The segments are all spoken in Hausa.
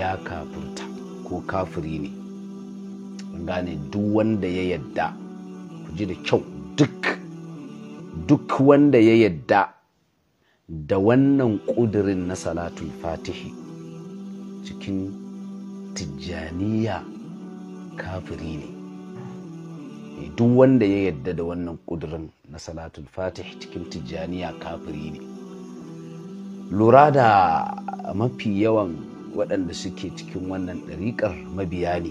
ya kafurta ko kafiri ne gane duk wanda ya yadda ku ji da kyau duk duk wanda ya yadda da wannan ƙudurin na salatul fatihi cikin tijjaniya kafiri ne eh, duk wanda ya yadda da wannan ƙudurin na salatul fatihi cikin tijjaniya kafiri ne lura da mafi yawan waɗanda suke cikin wannan ɗariƙar mabiya ne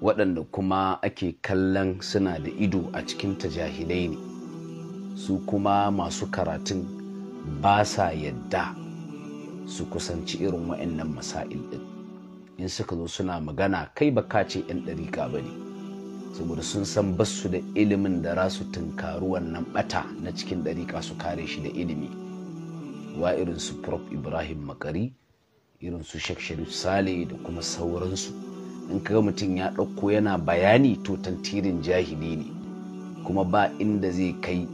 waɗanda kuma ake kallon suna da ido a cikin tajahilai ne su kuma masu karatun ba sa yadda su kusanci irin waɗannan masa'il ɗin in suka zo suna magana kai ba ka ce 'yan ɗariƙa ba ne saboda sun san basu da ilimin da rasu su wannan ɓata na cikin ɗariƙa su kare shi da ilimi wa irin su prof ibrahim makari irin su Sheikh Sale da kuma sauransu in kaga mutum ya ɗauko yana bayani to tantirin jahili ne kuma ba inda zai kai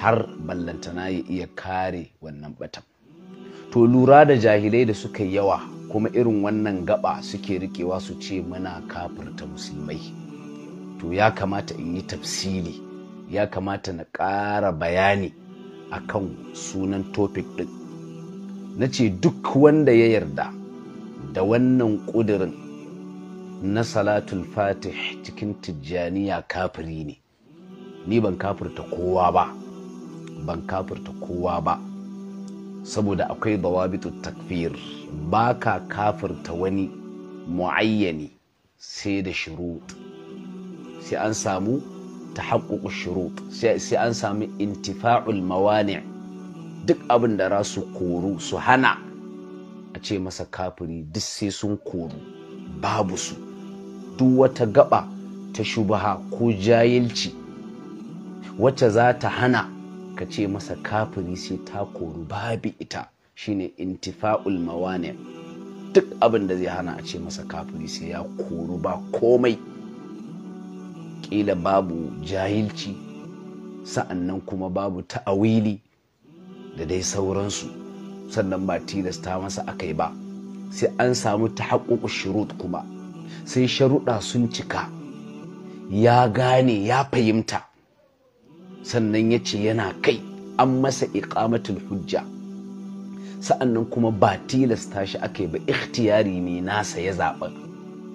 har ballantana ya iya kare wannan batan to lura da jahilai da suka yawa kuma irin wannan gaba suke rikewa su ce muna kafirta musulmai to ya kamata in yi tafsili ya kamata na ƙara bayani akan sunan topic ɗin na ce duk wanda ya yarda da wannan ƙudurin na salatul fatih cikin tijjaniya kafiri ne ni ban kafirta kowa ba ban kafirta kowa ba saboda akwai dawabitu takfir ba ka kafirta wani mu'ayyani sai da shirut sai an samu ta haƙuƙu shirut sai an samu intifa'ul mawani' duk abin da za su koru su hana a ce masa kafiri duk sai sun koru babu su duk wata gaba ta shubaha ko jayilci wacce za ta hana ka ce masa kafiri sai ta koru babu ita shine intifa'ul mawane duk abin da zai hana a ce masa kafiri sai ya koru ba komai ƙila babu jahilci sa'annan kuma babu ta'awili da dai sauransu sannan ba tilasta masa aka yi ba sai an samu ta shirut kuma sai sharuɗa sun cika ya gane ya fahimta sannan ya ce yana kai an masa iƙamatul hujja sa'annan kuma ba tilasta shi aka yi ba ikhtiyari ne nasa ya zaɓa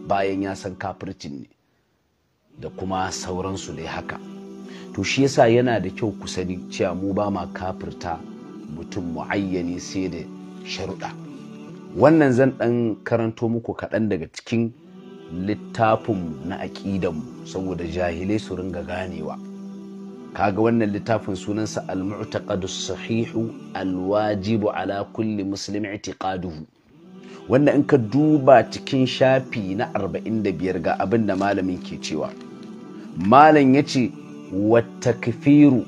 bayan ya san kafircin ne da kuma sauransu dai haka to shi yasa yana da kyau ku sani cewa mu ba ma kafirta mutum mu'ayyani sai da sharuɗa wannan zan ɗan karanto muku kaɗan daga cikin littafin na aƙidanmu saboda jahilai su ringa ganewa kaga wannan littafin sunansa al-mu'taqadu sahihu al-wajibu ala kulli muslim i'tiqaduhu Wannan in ka duba cikin shafi na 45 ga abin da malamin ke cewa malam yace wa takfiru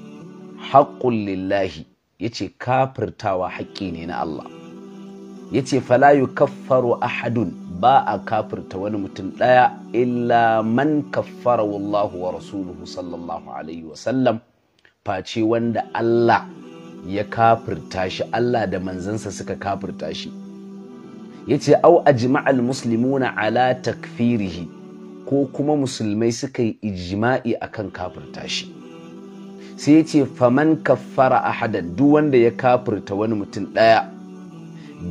haqqun lillahi yace kafirtawa haƙƙi ne na Allah yace fala yukaffaru ahadun ba a kafirta wani mutum ɗaya illa man kaffara wallahu wa rasuluhu sallallahu alaihi wa sallam face wanda Allah ya kafirta shi Allah da manzansa suka kafirta shi yace au a ajma'al muslimuna ala takfirihi ko kuma musulmai suka yi ijma'i akan kafirta shi sai ya ce faman kaffara ahadan duk wanda ya kafirta wani mutum ɗaya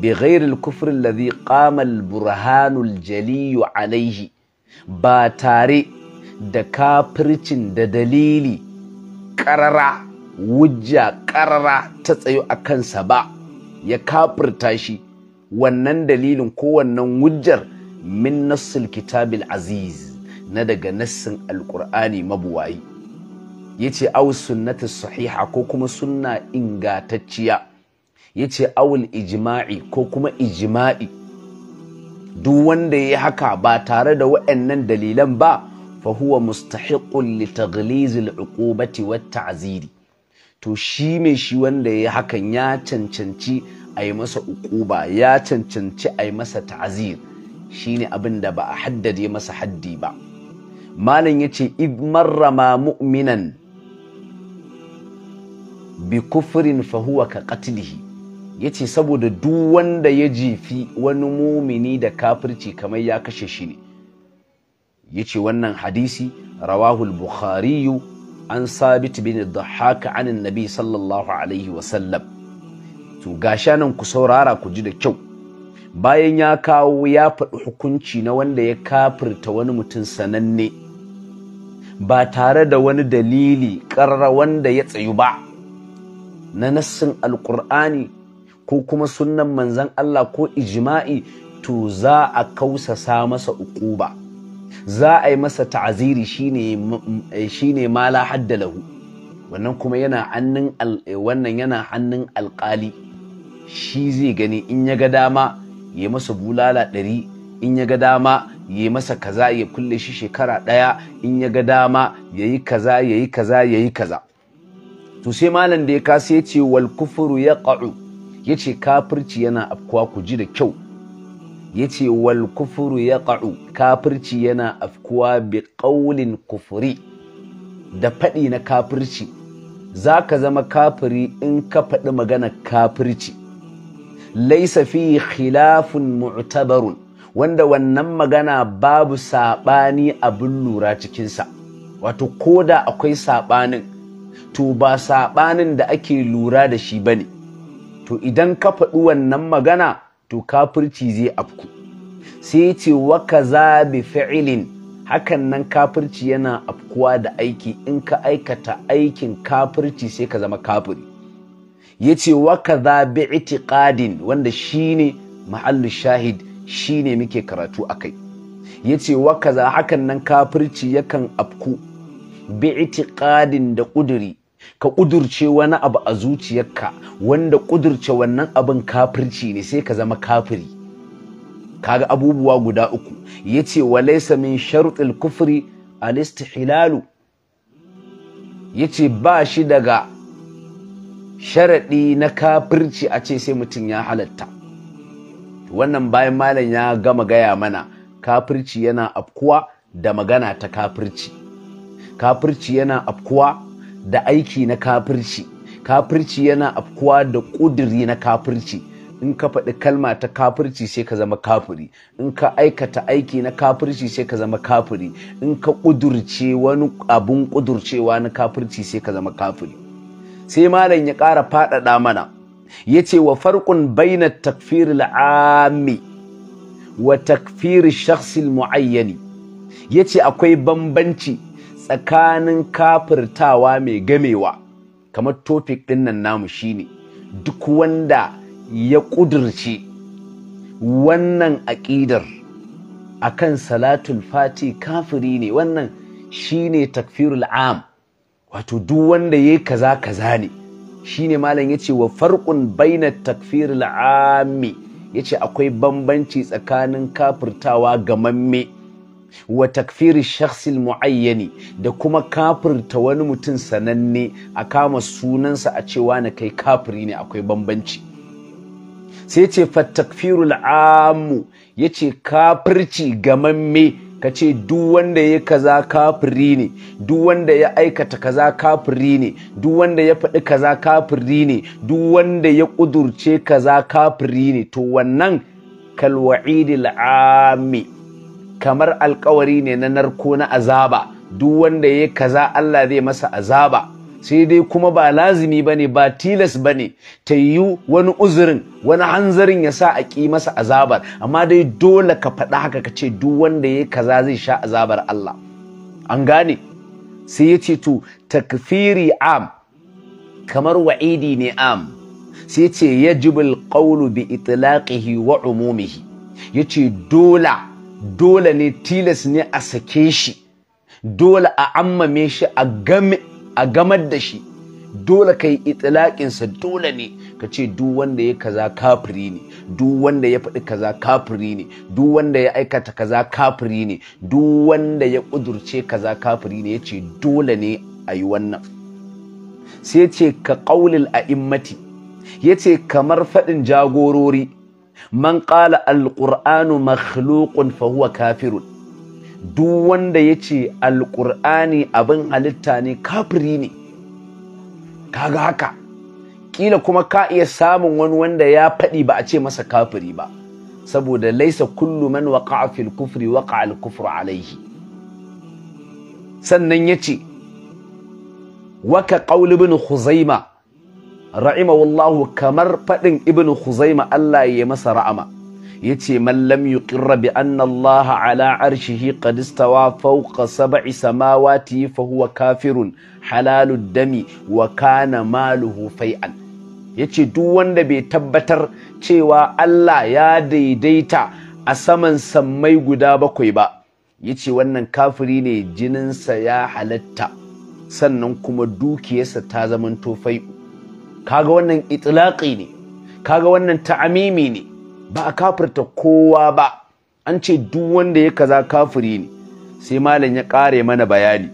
bi ghairil kufrin lazi qama burhanul jaliyu alaihi ba tare da kafircin da dalili karara wujja karara ta tsayo a kansa ba ya kafirta shi wannan dalilin ko wannan wujjar min nassul kitabil aziz na daga nassin alƙur'ani mabuwayi yace awul sunnati sahiha ko kuma sunna ingatacciya yace awul ijima'i ko kuma ijima'i. duk wanda ya haka ba tare da waɗannan dalilan ba fa huwa mustahiqun li taghlizil uqubati wat ta'ziri to shi mai shi wanda ya hakan ya cancanci a yi masa uquba ya cancanci a yi masa ta'zir shine abin da ba a haddade masa haddi ba malam yace id marrama mu'minan bi kufrin fahuwa ka qatlihi yace saboda duk wanda ya jifi wani mumini da kafirci kamar ya kashe shi ne yace wannan hadisi rawahu al an sabit bin dhahhak an annabi sallallahu alaihi wa to gasha nan ku saurara ku ji da kyau bayan ya kawo ya faɗi hukunci na wanda ya kafirta wani mutum sananne ba tare da wani dalili ƙarra wanda ya tsayu ba na nassin alkur'ani ko kuma sunnan manzan Allah ko ijma'i to za a kausasa masa ukuba za a yi masa ta'aziri shine ma la hadda lahu wannan kuma yana hannun wannan yana alkali shi zai gani in ya ga dama ya masa bulala ɗari in ya ga dama ya masa kaza ya kulle shi shekara ɗaya in ya ga dama ya yi kaza ya yi kaza ya yi kaza to sai malam da ya kasa ya ce wal kufuru ya ƙa'u ya ce kafirci yana afkuwa ku ji da kyau ya ce wal kufuru ya ƙa'u kafirci yana afkuwa bi ƙaulin kufuri da faɗi na kafirci za ka zama kafiri in ka faɗi magana kafirci laisa fi khilafun mu'tabarun wanda wannan magana babu saɓani abin lura cikinsa wato ko da akwai saɓanin to ba saɓanin da ake lura da shi ba ne to idan ka faɗi wannan magana to kafirci zai afku sai ce waka za bi fi'ilin hakan nan kafirci yana afkuwa da aiki in ka aikata aikin kafirci sai ka zama kafiri ya ce waka za bi itiƙadin wanda shine mahallu shahid shine muke karatu a kai ya ce waka za hakan nan kafirci yakan afku bi itiƙadin da ƙuduri ka ƙudurce wani abu a zuciyarka wanda ƙudurce wannan abin kafirci ne sai ka zama kafiri kaga abubuwa guda uku ya ce wa laisa min sharuɗil kufri hilalu ya ce ba shi daga sharaɗi na kafirci a ce sai mutum ya halatta wannan bayan malam ya gama gaya mana kafirci yana afkuwa da magana ta kafirci kafirci yana afkuwa da aiki na kafirci kafirci yana afkuwa da ƙudiri na kafirci in ka faɗi kalma ta kafirci sai ka zama kafiri in ka aikata aiki na kafirci sai ka zama kafiri in ka ƙudurce wani abun ƙudurcewa na kafirci sai ka zama kafiri sai malam ya ƙara faɗaɗa mana ya ce wa farkun baina takfir al'ami wa takfir shakhsil muayyani ya ce akwai bambanci tsakanin kafirtawa mai gamewa kamar topic ɗin nan namu shine duk wanda ya ƙudurce wannan aƙidar akan salatul fati kafiri ne wannan shine takfirul am wato duk wanda ya kaza kaza ne shine malam yace wa farqun baina takfirul ammi yace akwai bambanci tsakanin kafirtawa gamamme wa takfiri shakhsil muayyani da kuma kafirta wani mutum sananne a kama sunansa a cewa na kai kafiri ne akwai bambanci sai ce fa takfiri al'amu ya ce kafirci gamamme ka ce duk wanda ya kaza kafiri ne duk wanda ya aikata kaza kafiri ne duk wanda ya faɗi kaza kafiri ne duk wanda ya ƙudurce kaza kafiri ne to wannan kalwa'idil ami kamar alkawari ne na narko na azaba duk wanda ya kaza Allah zai masa azaba sai dai kuma ba lazimi ba ne ba tilas ba ne ta yi wani uzurin wani hanzarin ya sa a ƙi masa azabar amma dai dole ka faɗa haka ka ce duk wanda ya kaza zai sha azabar Allah an gane sai ya ce to takfiri am kamar wa'idi ne am sai ce yajibul qawlu bi itlaqihi wa umumihi yace dola dole ne tilas ne a sake shi dole a ammame shi a gamar da shi dole ka yi itilaƙinsa dole ne ka ce duk wanda ya kaza kafiri ne duk wanda ya faɗi kaza kafiri ne duk wanda ya aikata kaza kafiri ne duk wanda ya ƙudurce kaza kafiri ne ya ce dole ne a yi wannan sai ce ka ƙaulil a'immati ya ce kamar faɗin jagorori man qala alqur'anu makhluqun fa huwa kafirun duk wanda yace Alƙur'ani abin halitta ne kafiri ne kaga haka Ƙila kuma ka iya samun wani wanda ya faɗi ba a ce masa kafiri ba saboda laisa kullu man waqa'a fil kufri waqa'a al kufru alayhi sannan yace waka qaul ibn khuzaima rahimahullahu kamar faɗin ibn Khuzaima Allah ya masa ra'ama yace man lam yuqirra bi anna Allah ala arshihi qad istawa fawqa sab'i samawati fa huwa kafirun halalud dami wa kana maluhu fai'an yace duk wanda bai tabbatar cewa Allah ya daidaita a saman sammai guda bakwai ba yace wannan kafiri ne jininsa ya halatta sannan kuma dukiyarsa ta zamanto fai'u kaga wannan itlaqi ne kaga wannan ta'amimi ne ba a kafirta kowa ba an ce duk wanda ya kaza kafiri ne sai malam ya kare mana bayani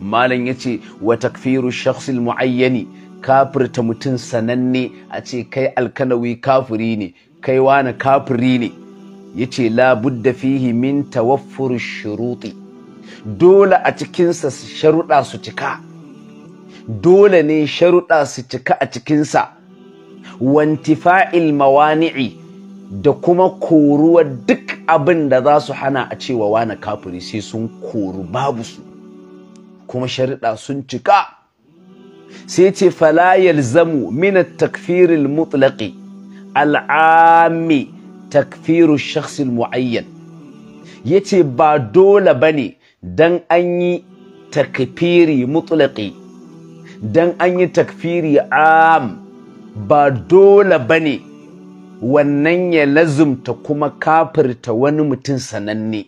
malam ya ce wa takfiru shakhsil muayyani kafirta mutum sananne a ce kai alkanawi kafiri ne kai wani kafiri ne ya ce labudda fihi min tawaffur shuruti dole a cikinsa sharuɗa su cika dole ne sharuɗa su cika a cikinsa wantifa'il mawani'i da kuma koruwa duk abin da za su hana a cewa wani kafiri sai sun koru babu su kuma sharuɗa sun cika sai ce falayar zamu mina takfirin mutlaƙi al'ami takfiru shaksil mu'ayyan yace ba dole ba ne don an yi takfiri mutlaƙi dan an yi takfiri am ba dole ba ne wannan ya lazumta kuma kafirta wani mutum sananne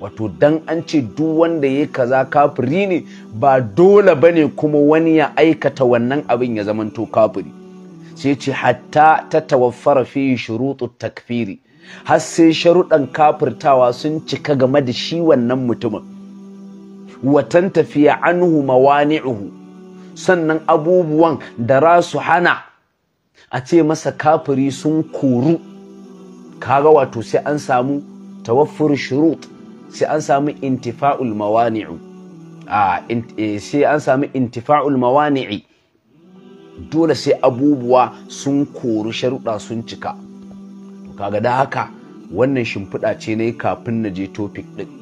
wato dan an ce duk wanda ya kaza kafiri ne ba dole ba ne kuma wani ya aikata wannan abin ya zamanto kafiri sai ce hatta ta tawaffara fi shuruɗu takfiri har sai sharuɗan kafirtawa sun cika game da shi wannan mutumin watan tafiya anhu mawani'uhu sannan abubuwan da su hana a ce masa kafiri sun koru kaga wato sai an samu tawaffur shurut sai an samu intifa'ul mawani'u e, sai an sami intifa'ul mawani'i dole sai abubuwa sun kori sharuɗa sun cika kaga da haka wannan shimfiɗa ce na yi kafin na je topic ɗin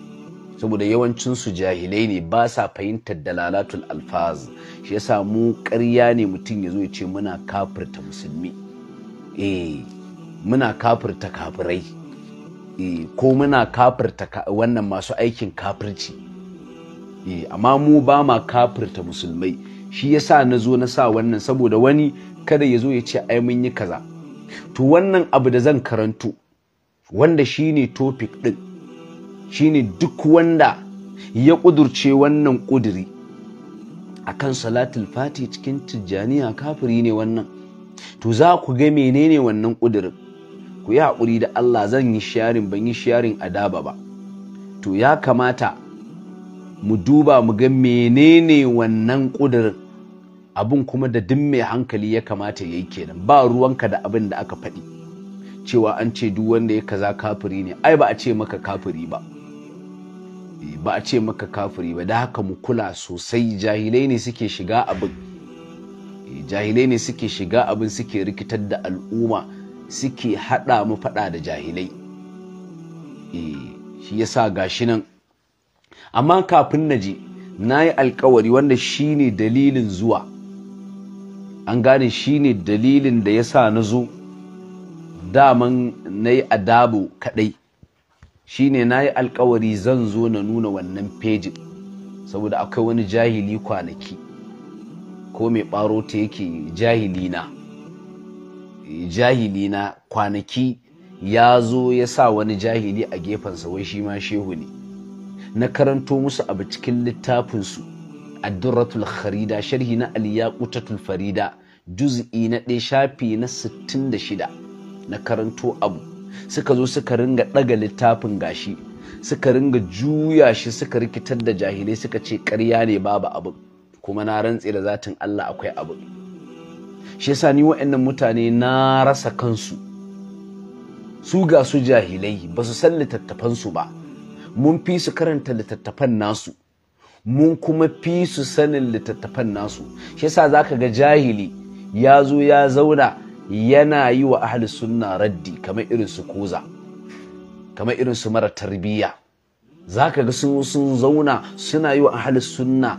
saboda yawancinsu jahilai ne ba sa fahimtar dalalatul alfaz shi ya mu ƙarya ne mutum ya zo ya ce muna kafirta musulmi eh muna kafirta kafirai eh ko muna kafirta wannan masu aikin kafirci eh amma mu ba ma kafirta musulmai shi ya sa na zo na sa wannan saboda wani kada ya zo ya ce ai mun yi kaza to wannan abu da zan karanto wanda shine topic ɗin. shine duk wanda ya ƙudurce wannan ƙuduri kan salatul fati cikin tijjaniya kafiri ne wannan to za ku ga menene wannan ƙudurin ku yi haƙuri da Allah zan yi shayarin ban yi a adaba ba to ya kamata mu duba mu ga menene wannan ƙudurin abin kuma da duk mai hankali ya kamata ya yi kenan ba ruwanka da abin da aka faɗi cewa an ce duk wanda ya kaza kafiri ne ai ba a ce maka kafiri ba ba a ce maka kafiri ba da haka mu kula sosai jahilai ne suke shiga abin eh, jahilai ne suke shiga abin suke rikitar da al'umma suke haɗa mu faɗa da jahilai eh, shi ya ga gashi nan amma kafin na je na yi alkawari wanda shi ne dalilin zuwa an gane shi ne dalilin da ya sa na zo daman na yi adabu kaɗai shine na yi alkawari zan zo na nuna wannan fejin saboda akwai wani jahili kwanaki ko mai ɓaro ta yake jahilina eh, jahilina kwanaki ya zo ya sa wani jahili a gefensa wai shi ma shehu ne na karanto musu abu cikin littafinsu addurratul kharida sharhi na aliyaqutatul farida juz'i na ɗaya shafi na 66 na karanto abu suka zo suka ringa ɗaga littafin gashi suka ringa juya shi suka rikitar da jahilai suka ce karya ne babu abu kuma na rantse da zatin Allah akwai abu shi yasa ni wa'annan mutane na rasa kansu su ga su jahilai ba su san littattafansu ba mun fi su karanta littattafan nasu mun kuma fi su sanin littattafan nasu shi yasa zaka ga jahili ya zo ya zauna yana yi wa ahli sunna raddi kamar irin su koza kamar irin su mara tarbiyya za ka ga sun sun zauna suna yi wa ahli sunna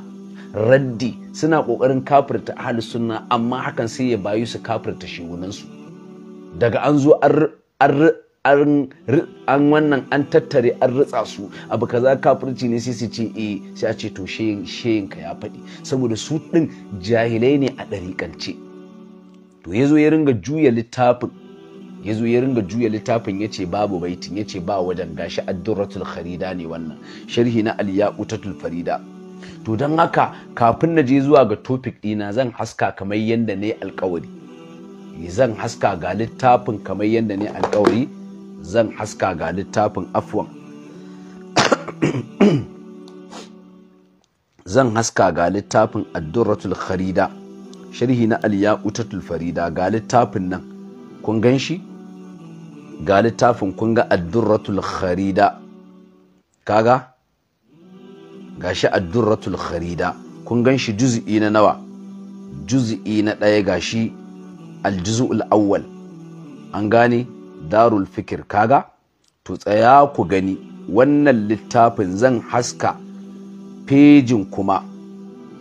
raddi suna ƙoƙarin kafirta ahli sunna amma hakan sai ya bayu su kafirta shigunansu daga an zo an wannan an tattare an ritsa su abu kaza kafirci ne sai su ce eh sai a ce to sheyin ya faɗi saboda su ɗin jahilai ne a ɗariƙance to ya zo ya ringa juya littafin ya zo ya ringa juya littafin ya ce babu baitin ya ce ba wajen gashi addurratul kharida ne wannan sharhi na utatul farida to don haka kafin na je zuwa ga topic dina zan haska kamar yadda ne alkawari eh, zan haska ga littafin kamar yadda ne alkawari zan haska ga littafin afwan zan haska ga littafin addurratul kharida sharhi na aliya utatul farida ga littafin nan kun gan shi ga littafin kun ga addurratul kharida kaga ga shi addurratul kharida kun gan shi juz'i na nawa juz'i na ɗaya ga shi aljuz'ul awwal an gane darul fikir kaga to tsaya ku gani wannan littafin zan haska fejin kuma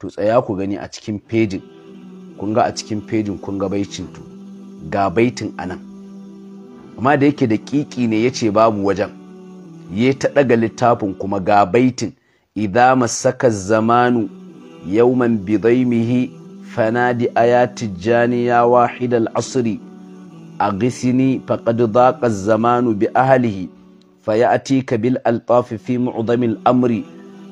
to tsaya ku gani a cikin fejin kun ga a cikin fejin kun ga baitin to ga baitin anan amma da yake da kiki ne yace babu wajen ya ta daga littafin kuma ga baitin idza masaka zamanu yawman bidaimihi fanadi ayati janiya wahidal asri أغسني فقد ضاق الزمان bil bil fi mu'dami al amri.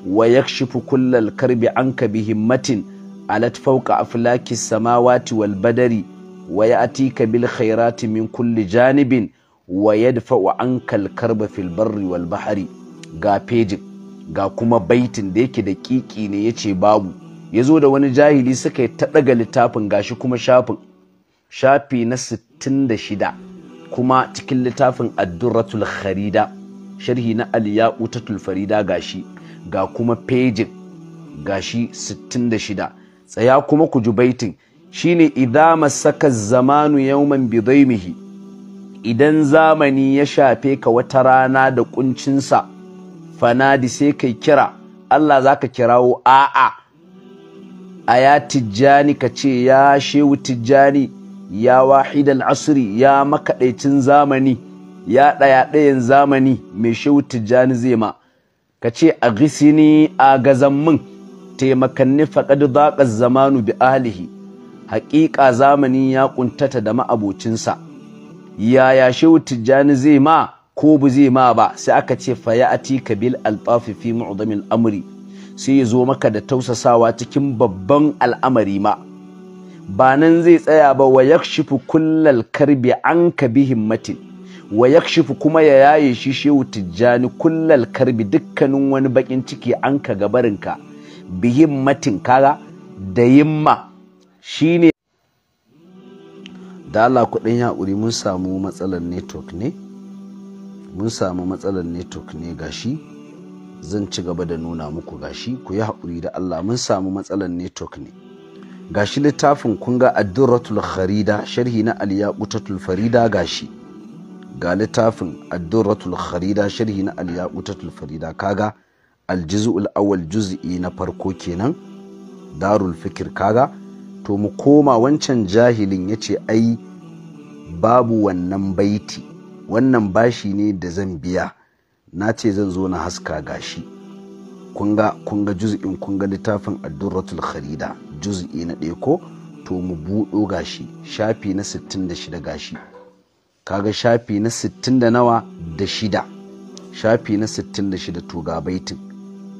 wa yakshifu kullal karbi anka bi himmatin alat a aflaki samawati wal badari wa ya'tika bil khairati min kulli janibin wa yadfa'u anka al karba fil barri wal bahri ga pejin ga kuma baitin da yake da kiki ne yace babu ya zo da wani jahili suka ta daga littafin gashi kuma shafin shafi na 66 kuma cikin littafin addurratul kharida sharhi na aliya'utatul ga gashi ga kuma fejin gashi 66 tsaya kuma ku ji baitin shine idza masaka zamanu yawman bidaimihi idan zamani ya shafe ka wata rana da kuncinsa fanadi sai kai kira Allah za zaka kirawo a'a ya tijjani ka ce ya shehu tijjani ya wahidan asri ya makaɗaicin zamani ya ɗaya ɗayan zamani mai shehu tijjani zai ma ka ce a gisini a gazan min taimakanni faƙad zaƙar zamanu bi ahlihi haƙiƙa zamani ya ƙuntata da ma'abocinsa yaya shehu tijjani zai ma ko bu zai ma ba sai aka ce fa ya ati kabil alfafi fi amri sai ya zo maka da tausasawa cikin babban al'amari ma ba nan zai tsaya ba wa yakshifu kullal karbi an ka bi himmatin wa kuma ya yaye shi shehu tijjani kullal karbi dukkanin wani bakin ciki an ka gabarinka bihin matin kaga da yimma ne da Allah kudin uri mun samu matsalar network ne mun samu matsalar network ne gashi zan ci gaba da nuna muku gashi ku yi haƙuri da Allah mun samu matsalar network ne gashi littafin kunga ga kharida sharhi na aliyaqutatul farida gashi ga littafin addurratul kharida sharhi na alyaqutatul farida kaga aljuz'ul awwal juz'i na farko kenan darul fikir kaga to mu koma wancan jahilin yace ai babu wannan baiti wannan bashi ne da zan biya na ce zan zo na haska gashi kunga kunga juz'in kunga littafin addurratul kharida juz'i na ɗaya ko to mu buɗo gashi shafi na 66 gashi kaga shafi na sittin da nawa da shida shafi na sittin da shida to ga baitin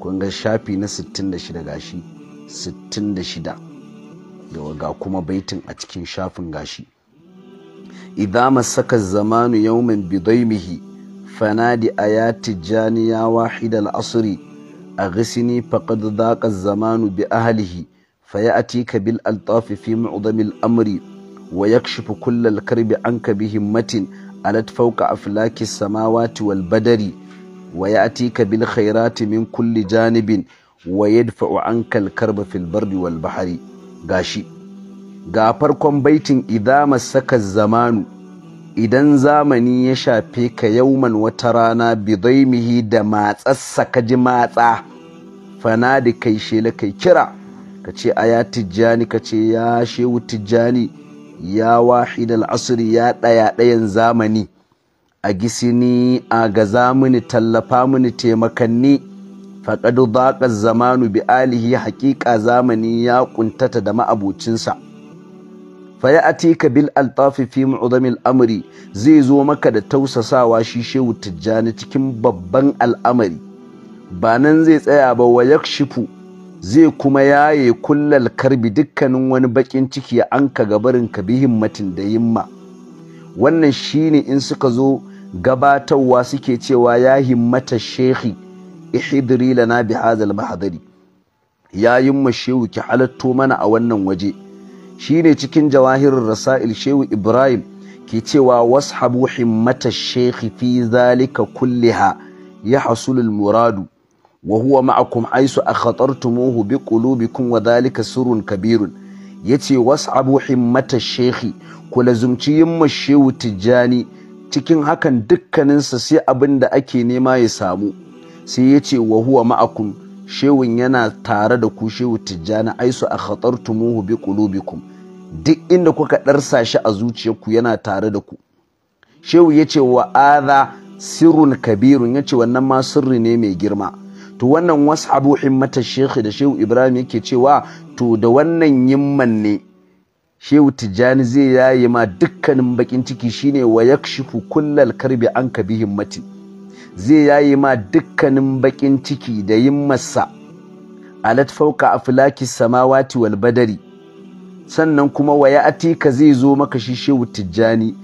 kun ga shafi na sittin da shida gashi sittin da shida yawa ga kuma baitin a cikin shafin gashi idza masaka zamanu yawman bidaimihi fanadi ayati janiya wahid al-asri aghsini faqad dhaqa zamanu bi ahlihi fayatika bil altafi fi mu'dami al-amri wa yakshifu kullal karbi anka bi himmatin alat fawqa aflaki samawati wal badari wa ya'tika bil khairati min kulli janibin wa yadfa'u anka al karba fil bardi wal bahri gashi ga farkon baitin idza masaka zamanu idan zamani ya shafe ka yau yauman wata rana bidaimihi da matsassa kaji matsa fana da kai shela kai kira kace aya tijjani kace ce ya shehu tijjani ya wahidal asiri ya ɗaya ɗayan zamani a gisini a ga zamani tallafa mini taimakanni faƙadu zaƙar zamanu bi alihi haƙiƙa zamani ya ƙuntata da ma'abucinsa atika bil altafi fi mu'udamil amri zai zo maka da tausasawa shi shehu tijjani cikin babban al'amari ba nan zai tsaya ba wa yakshifu zai kuma yaye kullal karbi dukkanin wani bakin ciki ya anka gabarin ka bi himmatin da yimma wannan shine in suka zo gabatarwa suke cewa ya himmata shehi ihidri lana bi hadal mahadari ya yimma shehu ki halatto mana a wannan waje shine cikin jawahirin rasail shehu ibrahim ke cewa washabu himmata shehi fi zalika kulliha ya hasulul muradu wa huwa ma'akum aisu akhatartumuhu biqulubikum wa dhalika sirrun kabirun yace was'abu himmata shekhi ku lazumci yimma shehu tijjani cikin hakan dukkaninsa sai abin da ake nema ya samu sai yace wa huwa ma'akum shehun yana tare da ku shehu tijjani aisu akhatartumuhu biqulubikum duk inda kuka ɗarsa shi a zuciyarku yana tare da ku shehu yace wa adha sirrun kabirun yace wannan ma sirri ne mai girma to wannan abu himmata shekhi da shehu ibrahim yake cewa to da wannan yimman ne shehu tijjani zai yayi ma dukkanin bakin ciki shine wa yakshifu kullal karbi an ka bi himmati zai yaye ma dukkanin bakin ciki da yimmarsa alat fauka aflaki samawati wal badari sannan kuma wa ya'ati ka zai zo maka shi shehu tijjani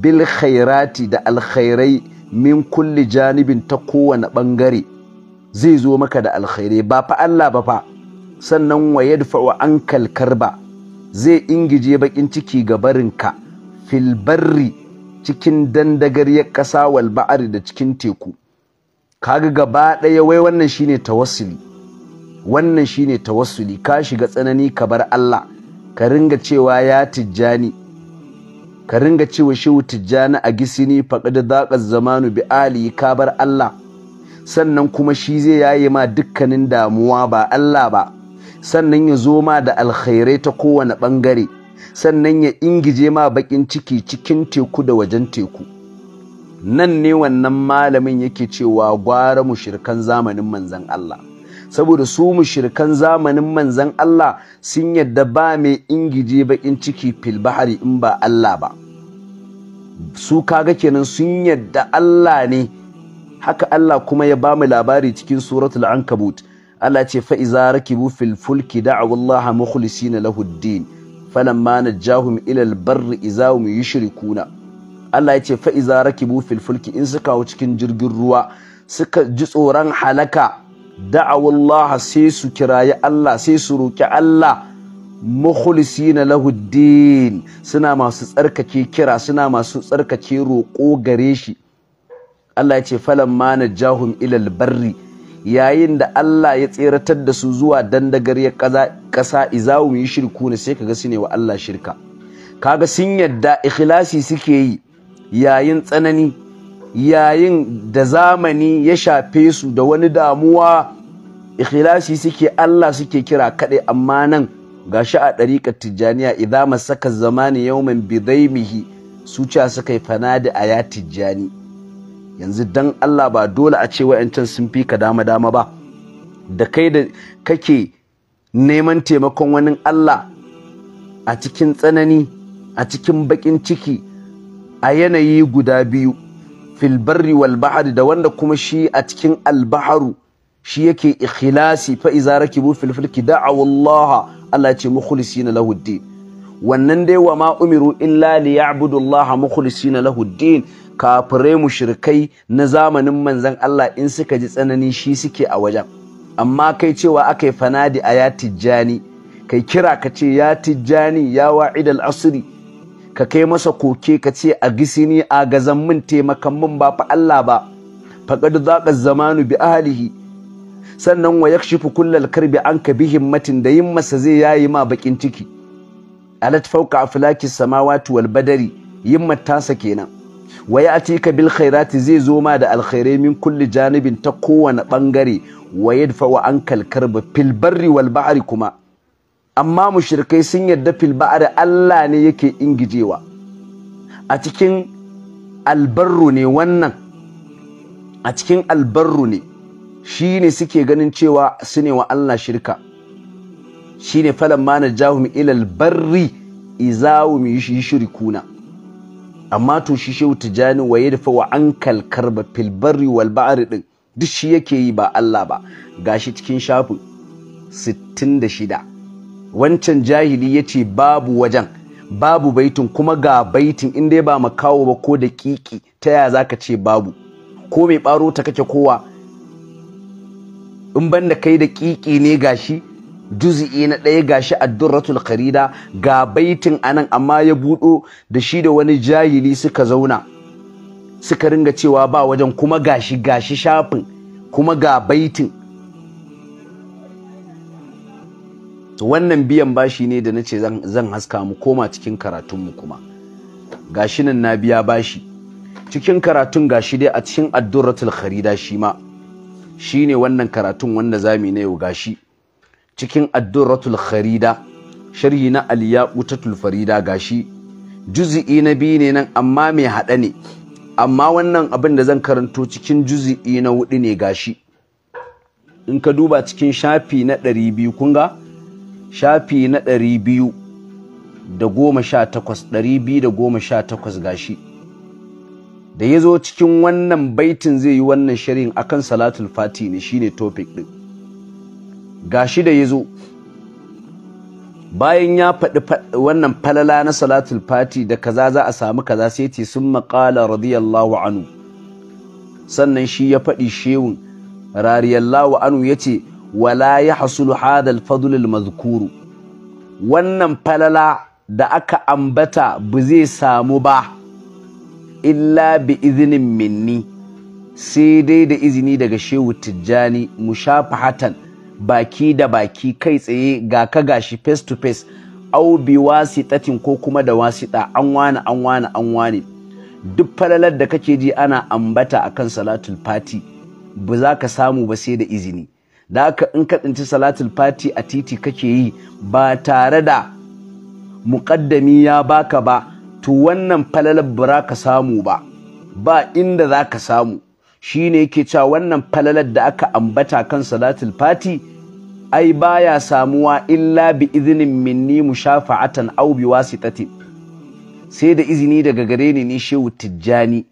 bil khairati da alkhairai min kulli janibin ta kowane bangare zai zo maka da alkhairai ba fa Allah ba fa sannan wa wa ankal karba zai ingije bakin ciki ga barinka fil barri cikin dandagar ya ƙasa wal ba'ari da cikin teku kaga gaba ɗaya wai wannan shine tawassuli wannan shine tawassuli ka shiga tsanani ka bar Allah ka ringa cewa ya tijjani ka ringa cewa shi tijjani a gisini faqad daqa zamanu bi ali ka bar Allah sannan kuma shi zai yaye ma dukkanin damuwa ba Allah ba sannan ya zo ma da alkhairai ta kowane ɓangare sannan ya ingije ma bakin ciki cikin teku da wajen teku nan ne wannan malamin yake cewa gwara mushirkan zamanin manzan Allah saboda su mushirkan zamanin manzan Allah sun yadda ba mai ingije bakin ciki fil bahari in ba Allah ba su kaga kenan sun yadda Allah ne haka Allah kuma ya bamu labari cikin suratul ankabut Allah ce fa iza rakibu fil fulki da'u Allah mukhlisina lahu ddin falamma najahum ila al barri iza hum yushrikuna Allah ya ce fa iza rakibu fil fulki in suka hau cikin jirgin ruwa suka ji tsoron halaka da'u Allah sai su kirayi Allah sai su roki Allah mukhlisina lahu ddin suna masu tsarkake kira suna masu tsarkake roƙo gare shi Allah ya ce falamma jahun ilal barri yayin da Allah ya tseratar da su zuwa dandagar ya ƙasa izawun yi shirku ne sai kaga ga ne wa Allah shirka kaga sun yadda ikhlasi suke yi yayin tsanani yayin da zamani ya shafe su da wani damuwa ikhlasi suke Allah suke kira kaɗai amma nan gashi a ɗariƙar tijjaniya idza masaka zamani yawman bidaimihi su ca suka yi Fana da aya tijjani yanzu dan Allah ba dole a ce wa'yancan sun fi ka dama dama ba da kai da kake neman taimakon wani Allah a cikin tsanani a cikin baƙin ciki a yanayi guda biyu filbarri wal bahari da wanda kuma shi a cikin albaharu shi yake ikhlasi fa iza rakibu fil fulki da'aw Allah Allah ce mukhlisina lahu din wannan dai wa ma umiru illa liya'budu Allah mukhlisina lahu din kafirai mushrikai na zamanin Manzan Allah in suka ji tsanani shi suke a wajen amma kai cewa aka yi fanadi a ya tijjani kai kira ka ce ya tijjani ya wa'idal asri ka kai masa koke ka ce a gisini a gazan min taimakan min ba fa Allah ba faqad zaqa zamanu bi ahlihi sannan wa yakshifu kullal karbi anka bi himmatin da yin masa zai yayi ma bakin ciki alat fawqa aflaki samawati wal badari yimmat tasa kenan wa ka bil khairati zai zo ma da alkhairai min kulli janibin ta kowane ɓangare? wa yadfa wa ankal karba fil barri wal ba'ari kuma amma mushrikai sun yadda fil Allah ne yake ingijewa a cikin albarru ne wannan a cikin albarru ne shi ne suke ganin cewa su ne wa Allah shirka shi ne falon ma na jahumi ilal barri izawumi yi shirikuna amma to shi shehu tijani wa wa an kalkar ba filbari wal ba'ari din duk shi yake yi ba Allah ba gashi cikin shafin 66 wancan jahili yace babu wajen babu baitin kuma ga baitin in dai ba makawo ba ko da kiki ta ya zaka ce babu ko mai baro ta kake kowa in banda kai da kiki ne gashi juzi'i na ɗaya gashi addurratul qarida ga baitin anan amma ya buɗo da shi da wani jahili suka zauna suka ringa cewa ba wajen kuma gashi gashi shafin kuma ga baitin wannan biyan bashi ne da na ce zan haska mu koma cikin karatunmu kuma gashi nan na biya bashi cikin karatun gashi dai a cikin addurratul kharida shi ma shine wannan karatun wanda zamu na yau gashi cikin addurratul kharida sharhi na aliyaqutatul farida gashi juz'i na biyu ne nan amma mai haɗa ne amma wannan abin da zan karanto cikin juz'i na hudu ne gashi in ka duba cikin shafi na ɗari biyu kun ga shafi na ɗari biyu da goma sha takwas ɗari biyu da goma sha takwas gashi da ya zo cikin wannan baitin zai yi wannan shirin akan salatul fati ne shine topic ɗin Ga shi da ya zo bayan ya faɗi wannan falala na salatul fati da kaza za a samu kaza sai ce sun maƙala radiyallahu anu sannan shi ya faɗi shewun radiyallahu anu ya ce wala ya hasulu hadal fadulil mazkuru wannan falala da aka ambata ba zai samu ba illa bi izinin minni sai dai da izini daga shehu tijjani mu hatan. baki da baki kai tsaye ga ka gashi face to face au bi wasitatin ko kuma da wasita an wani an wani an wani duk falalar da kake ji ana ambata akan salatul fati ba za ka samu ba sai da izini da haka in ka tsinci salatul fati a titi kake yi ba tare da muƙaddami ya baka ba to wannan falalar ba za ka samu ba ba inda za ka samu shine yake cewa wannan falalar da aka ambata kan salatul fati ai baya samuwa illa bi izinin minni mushafa'atan aw bi wasitati sai da izini daga gare ni ni shehu tijjani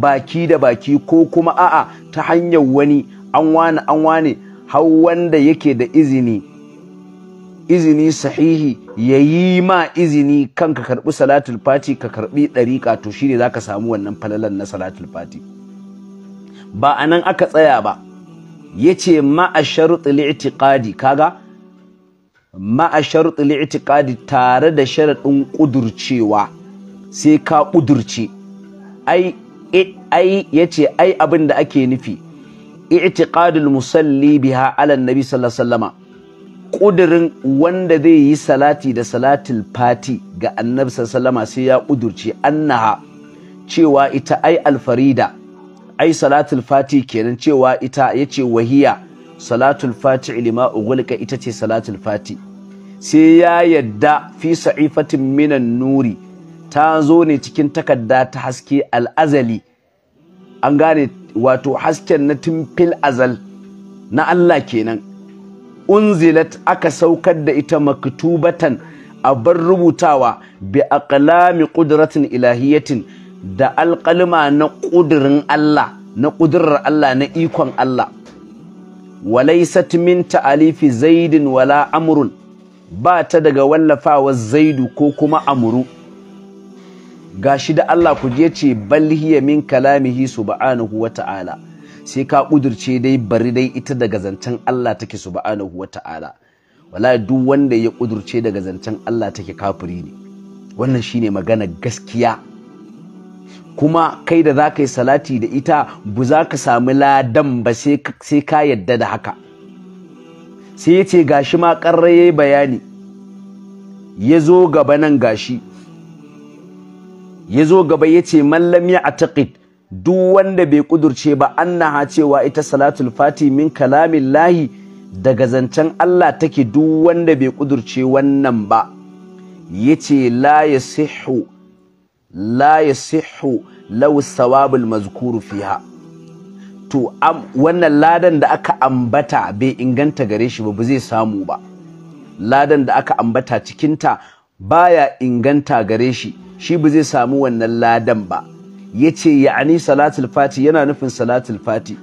baki da baki ko kuma a'a ta hanyar wani an wani an wani har wanda yake da izini izini sahihi ya yi ma izini kan ka karɓi salatul fati ka karɓi ɗariƙa to shine za ka samu wannan falalan na salatul fati ba a nan aka tsaya ba yace ma'a sharuɗi li'tiqadi kaga ma'a sharuɗi tare da sharaɗin ƙudurcewa sai ka ƙudurce ai ai yace ai abin da ake nufi i'tiqadul musalli biha ala nabi sallallahu alaihi ƙudurin wanda zai yi salati da salatil fati ga annabi sallallahu sai ya ƙudurce annaha cewa ita ai alfarida ai salatul fati kenan cewa ita yace wahiya salatul fati lima ugulka ita ce salatul fati sai ya yadda fi sa'ifatin minan nuri ta zo ne cikin takarda ta haske al'azali an gane wato hasken na timfil azal na Allah kenan unzilat aka saukar da ita maktubatan a bar rubutawa bi aqlami qudratin ilahiyatin da alƙalima na ƙudurin Allah na ƙudurar Allah na ikon Allah walaisat min ta'alifi zaidin wala amurun. ba ta daga wallafawa zaidu ko kuma amuru shi da Allah ku je ce bal min kalamihi subhanahu ta’ala, sai ka ƙudurce dai bari dai ita daga zancen Allah take subhanahu ta’ala. wala duk wanda ya ƙudurce daga zancen Allah take kafiri ne wannan shine magana gaskiya kuma kai da za ka yi salati da ita bu za ka sami ladan ba sai ka yadda da haka sai ya ce gashi ma ya yi bayani ya zo gaba nan gashi ya zo gaba ya ce mallam ya duk wanda bai ƙudurce ba annaha cewa ita salatul fati min kalamin lahi daga zancen Allah take duk wanda bai kudurce wannan ba ya ce la ya sihu la yasihhu law sawabul mazkuru fiha to wannan ladan da aka ambata bai inganta gare shi ba ba zai samu ba ladan da aka ambata cikinta baya inganta gare shi shi ba zai samu wannan ladan ba yace ya'ani salatul fati yana nufin salatul fati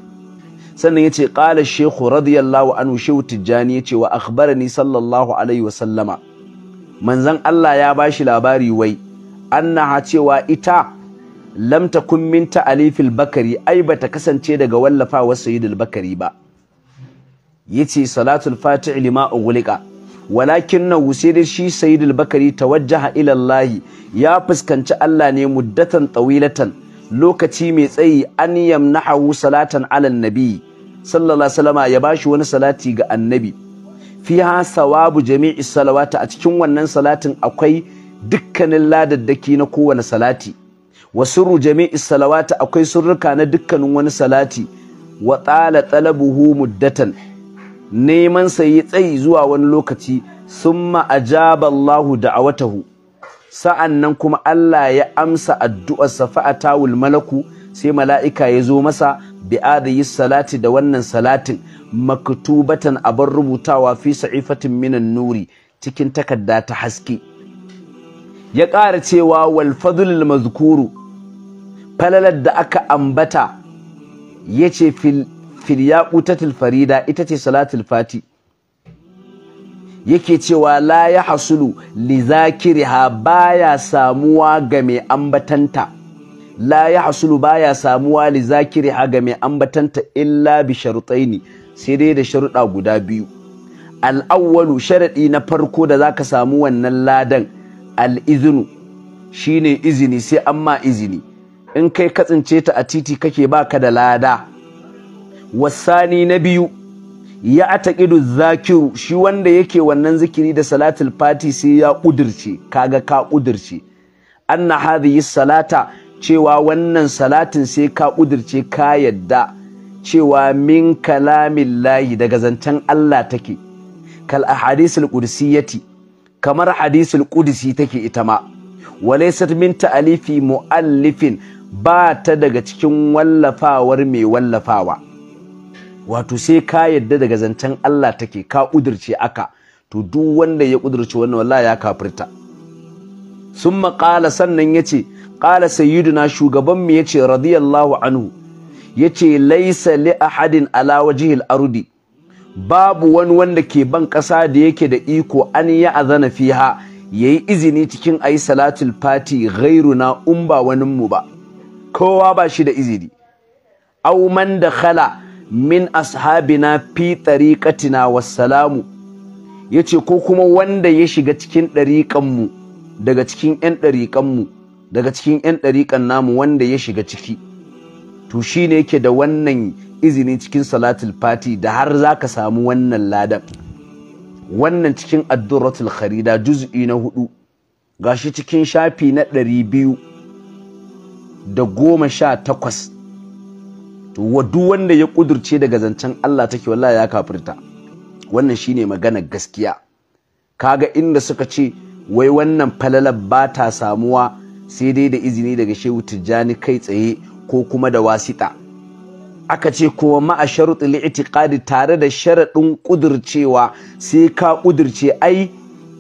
sannan yace qala shaykhu radiyallahu anhu shehu tijjani yace wa akhbarani sallallahu alaihi wa sallama manzon Allah ya bashi labari wai annaha cewa ita lam takun min bakari ai bata kasance daga wallafa wa sayyidul bakari ba yace salatul fatih lima ughliqa walakin na wusirin shi sayyidul bakari tawajjaha ila Allah ya fuskanci Allah ne muddatan tawilatan lokaci mai tsayi an yamnahu salatan ala nabi sallallahu alaihi wasallam ya bashi wani salati ga annabi fiha sawabu jami'is salawata a cikin wannan salatin akwai dukkanin ladaddaki na kowane salati wa sirru jami'i salawata akwai sirruka na dukkanin wani salati wa tsala talabuhu muddatan neman sayi tsayi zuwa wani lokaci summa ajaba Allahu da'awatahu sa'annan kuma Allah ya amsa addu'arsa fa'atawul malaku sai mala'ika ya zo masa bi'adayi salati da wannan salatin maktubatan abar rubutawa fi sa'ifatin minan nuri cikin takarda ta haske ya ƙara cewa wal mazkuru falalar da aka ambata ce fil ya farida ita ce salatul fati yake cewa la ya hasulu li zakiriha baya samuwa ga mai ambatanta la ya hasulu baya samuwa li zakiriha ga mai ambatanta illa bi ne sai dai da sharuɗa guda biyu al'awwalu sharaɗi na farko da za ka samu wannan ladan al'izinu shi ne izini sai an ma izini in kai katsince ta a titi kake baka da lada wasani na biyu ya ataƙidu zakiru shi wanda yake wannan zikiri da salatul fati sai ya ƙudurce kaga ka ƙudurce anna yi salata cewa wannan salatin sai ka ƙudurce ka yadda cewa min kalamin layi daga zancen Allah take kal a ahadisul qudsiyati kamar hadisul kudisi take ita ma walaysat min ta'alifi muallifin ba ta daga cikin wallafawar mai wallafawa wato sai ka yadda daga zancen Allah take ka kudirce aka to duk wanda ya kudirce wannan wallahi ya kafirta summa qala sannan yace qala sayyiduna shugaban mu yace radiyallahu anhu yace laysa li ahadin ala wajhil ardi babu wani wanda ke ban ƙasa da yake da iko an ya azana fiha ya yi izini cikin ayi salatul fati gairu na umba waninmu ba kowa ba shi da izini Auman man dakhala min ashabina fi tariqatina wassalamu ce ko kuma wanda ya shiga cikin ɗariƙanmu mu daga cikin 'yan ɗariƙanmu daga cikin yan ɗariƙan namu wanda ya shiga ciki to ne yake da wannan izini cikin salatul fati da har za ka samu wannan ladan wannan cikin addurratul kharida juz'i na hudu gashi cikin shafi na ɗari biyu da goma sha takwas wa duk wanda ya ƙudurce daga zancen Allah take wallahi ya kafirta wannan shine magana gaskiya kaga inda suka ce wai wannan falalar ba ta samuwa sai dai da izini daga shehu tijjani kai tsaye ko kuma da wasita aka ce kuma ma'a sharuɗin li'itiƙadi tare da sharaɗin ƙudurcewa sai ka ƙudurce ai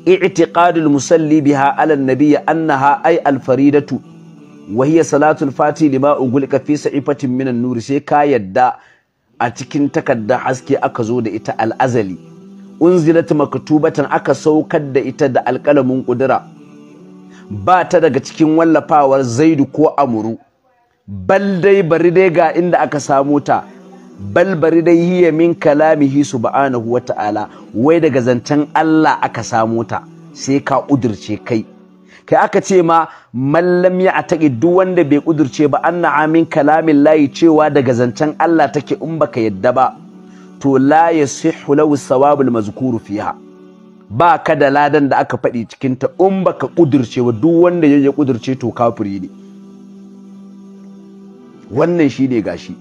i'tiqadul musalli biha ala nabiyyi annaha ai alfaridatu wa hiya salatul fati lima ugulika fi sa'ifatin minan Nuri, sai ka yadda a cikin takarda haske aka zo da ita al'azali unzilat maktubatan aka saukar da ita da alƙalamin ƙudura ba ta daga cikin wallafawar zaidu ko amuru bal dai bari dai ga inda aka samu ta bal bari dai hiya min kalamihi subhanahu wa ta'ala wai daga zancen Allah aka samu ta sai ka udurce kai kai aka ce ma mallam ya ataki duk wanda bai kudurce ba anna amin kalamin layi cewa daga zancen Allah take in baka yadda ba to la yasihu law sawabul mazkuru fiha ba ka da ladan da aka faɗi cikin ta in baka kudurce wa duk wanda ya kudurce to kafiri ne wannan shi ne gashi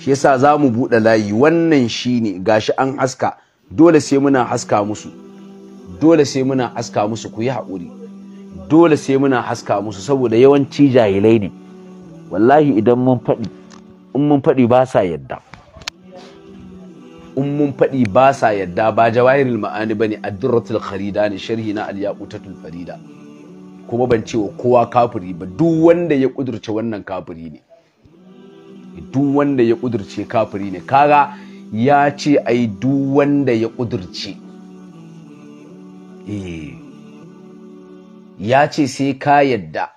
shi yasa za mu buɗe layi wannan shi ne gashi an haska dole sai muna haska musu dole sai muna haska musu ku yi haƙuri dole sai muna haska musu saboda yawanci jahilai ne wallahi idan mun faɗi in mun faɗi ba sa yadda in mun faɗi ba sa yadda ba jawahirul ma'ani bane addurratul kharida ne sharhi na al-yaqutatul farida kuma ban ce kowa kafiri ba duk wanda ya kudurce wannan kafiri ne duk wanda ya kudurce kafiri ne kaga ya ce ai duk wanda ya kudurce eh. ya ce sai ka yadda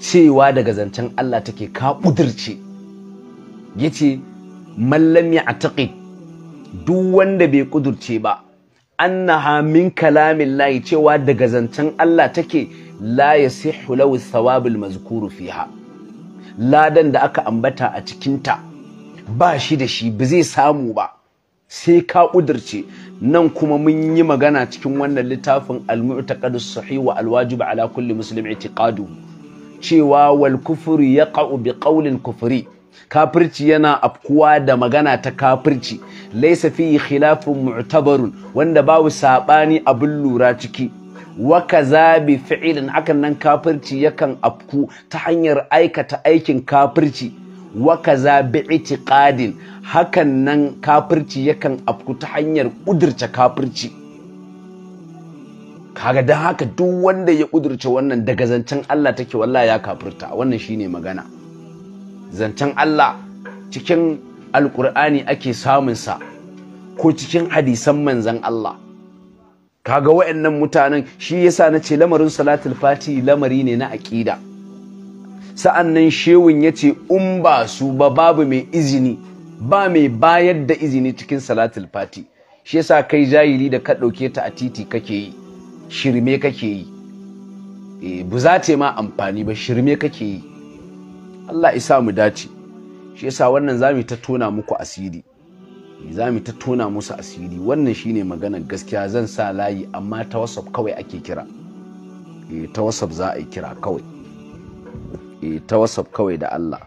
cewa daga zancen Allah take ka kudurce yace mallam ya duk wanda bai kudurce ba annaha min kalamin layi cewa daga zancen Allah take la yasihhu lahu thawabul mazkuru fiha ladan da aka ambata a cikinta ba shi da shi ba zai samu ba sai ka ƙudurce nan kuma mun yi magana cikin wannan littafin al-mu'taqad as wa al-wajib ala kulli muslim i'tiqadu cewa wal kufru yaqa'u bi qawlin kufri kafirci yana afkuwa da magana ta kafirci laisa fi khilafun mu'tabarun wanda babu sabani abin lura ciki wa kaza bi fi'ilin hakan nan kafirci yakan afku ta hanyar aikata aikin kafirci wa kaza bi itiqadin hakan nan kafirci yakan afku ta hanyar kudurce kafirci kaga dan haka duk wanda ya kudurce wannan daga zancen Allah take wallahi ya kafirta wannan shine magana zancen Allah cikin alkur'ani ake samunsa ko cikin hadisan manzan Allah kaga wa'annan mutanen shi yasa na ce lamarin salatul fati lamari ne na aƙida sa'annan shewun ya ce in ba su ba babu mai izini ba mai bayar da izini cikin salatul fati shi yasa kai jahili da ka ɗauke ta a titi kake yi shirme kake yi e, eh, bu za ma amfani ba shirme kake yi Allah isa mu dace shi yasa wannan zamu ta tona muku asiri zamu ta tona musu asiri wannan shine maganar gaskiya zan sa layi amma ta whatsapp kawai ake kira e, ta whatsapp za a yi kira kawai e, ta whatsapp kawai da Allah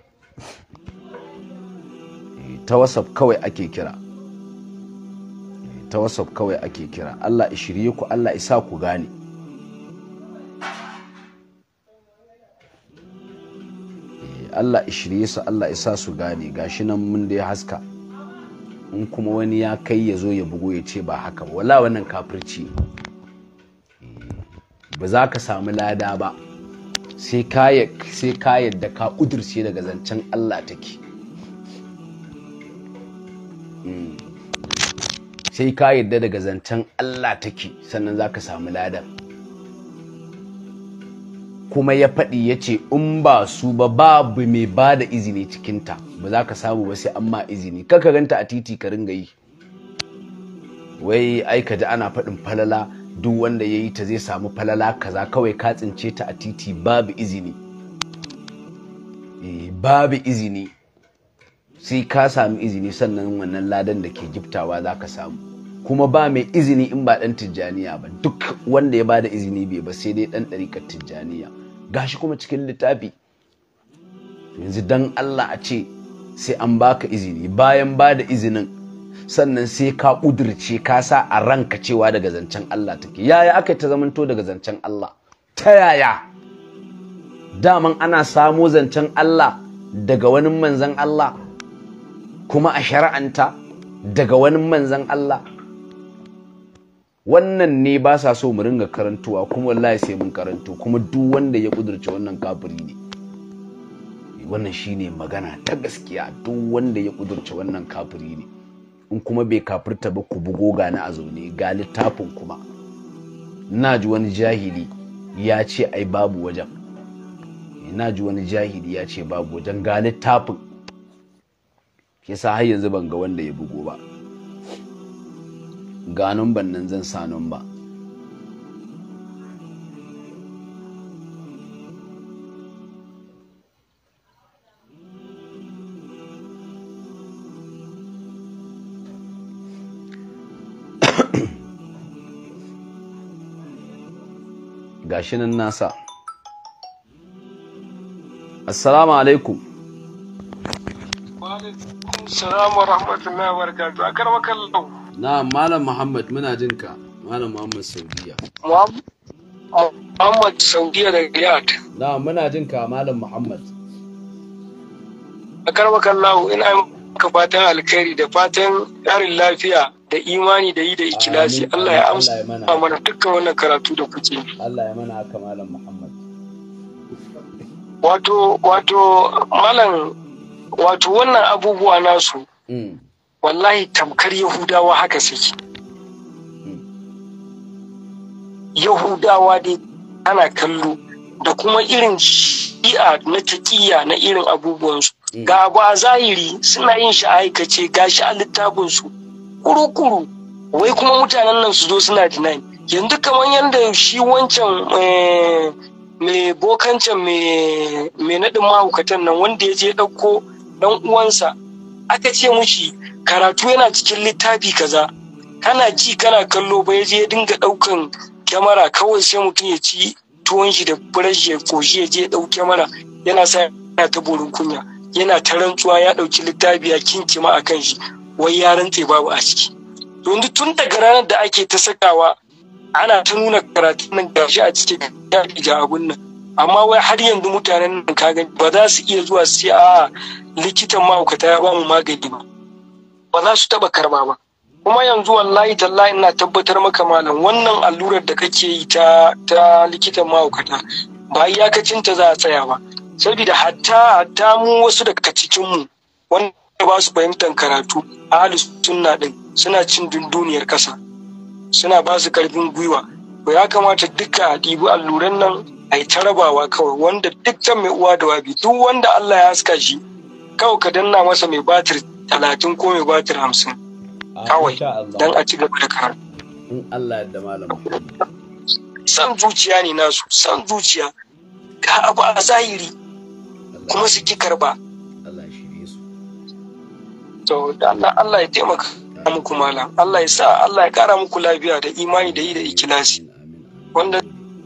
e, ta whatsapp kawai ake kira ta whatsapp kawai ake kira Allah ya ku Allah isa ku gane Allah shirye su Allah isa su gane gashi nan mun da ya haska in kuma wani ya kai ya zo ya bugo ya ce ba haka wala wannan kafirci eh, ba za ka samu lada ba sai ka yadda ka ƙudurce daga zancen Allah take hmm. sai ka yadda daga zancen Allah take sannan za ka samu ladan kuma ya faɗi ya ce in ba su ba babu mai ba da izini cikinta ba za ka samu ba sai an ma izini kaka ganta a titi ka ringa yi wai ai ka ji ana faɗin falala duk wanda ya yi ta zai samu falala kaza kawai ka tsince ta a titi babu izini eh, babu izini sai ka sami izini sannan wannan ladan da ke giftawa za ka samu kuma ba mai izini in ba ɗan tijjaniya ba duk wanda ya ba da izini bai ba sai dai ɗan ɗarikar tijjaniya gashi kuma cikin littafi yanzu dan Allah a ce sai an baka izini bayan ba da izinin sannan sai ka ƙudurce ka sa a ranka cewa daga zancen Allah take yaya aka ta zamanto daga zancen Allah ta yaya daman ana samo zancen Allah daga wani manzan Allah kuma a shari'anta daga wani manzan Allah wannan ne ba sa so mu ringa karantuwa kuma wallahi sai mun karanto kuma duk wanda ya kudurce wannan kafiri ne wannan shine magana ta gaskiya duk wanda ya kudurce wannan kafiri ne in kuma bai kafirta ba ku bugo ga na azumi ga littafin kuma na ji wani jahili ya ce ai babu wajen na ji wani jahili ya ce babu wajen ga littafin yasa har yanzu ban ga wanda ya bugo ba ga numban zan sa numba gashi nan nasa assalamu alaikum wa alaikum salam wa rahmatullahi wa barakatuh akar makallau na malam muhammad muna jin ka malam muhammad saudiya oh, muhammad saudiya da riyad na muna jin ka malam muhammad a karmakan lahu ina maka fatan alkhairi da fatan yarin lafiya da imani da yi da ikilasi Allah ya amsa mana dukkan wannan karatu da kuke Allah ya mana haka malam Muhammad wato wato malam wato wannan abubuwa nasu mm. wallahi tamkar yahudawa haka suke yahudawa dai ana kallo da kuma irin shi'a na taƙiya na irin abubuwansu mm. ga ba zahiri suna yin shi a aikace gashi a littafinsu kuru-kuru wai kuma mutanen nan su zo suna deny yanzu kamar yadda shi wancan eh, mai bokancan mai naɗin mahaukatan nan wanda ya je ɗauko ɗan uwansa aka ce mushi karatu yana cikin littafi kaza kana ji kana kallo ba ya je ya dinga ɗaukan kyamara kawai sai mutum ya ci tuwon shi da furashi ya koshi ya je ɗau kyamara yana sa yana ta borin kunya yana ta rantsuwa ya ɗauki littafi ya kinkima a kan shi wai ya rantse babu a ciki yanzu tun daga ranar da ake ta sakawa ana ta nuna karatun nan ga shi a cikin littafi ga abun nan amma wai har yanzu mutanen nan ka gani ba za su iya zuwa sai a likitan mahaukata ya ba mu magani ba ba za su taba karba ba kuma yanzu wallahi tallahi ina tabbatar maka malam wannan allurar da kake yi ta ta likitan mahaukata ba iyakacinta za a tsaya ba saboda hatta hatta mu wasu daga cikin mu wanda ba su fahimtar karatu ahlus sunna din suna cin dunduniyar kasa suna ba su karfin gwiwa ba ya kamata duka a ɗibi alluran nan a yi ta kawai wanda duk can mai uwa da wabi duk wanda Allah ya haska shi kawai ka danna masa mai batir talatin ko mai batir hamsin ah, kawai don a ci gaba da karatu. In Allah yadda malam. San zuciya ne nasu, san zuciya ga abu a zahiri kuma su ki karba. Allah shirye su. To da Allah Allah ya taimaka muku malam, Allah ya sa Allah ya kara muku lafiya da imani da yi da ikilasi. Wanda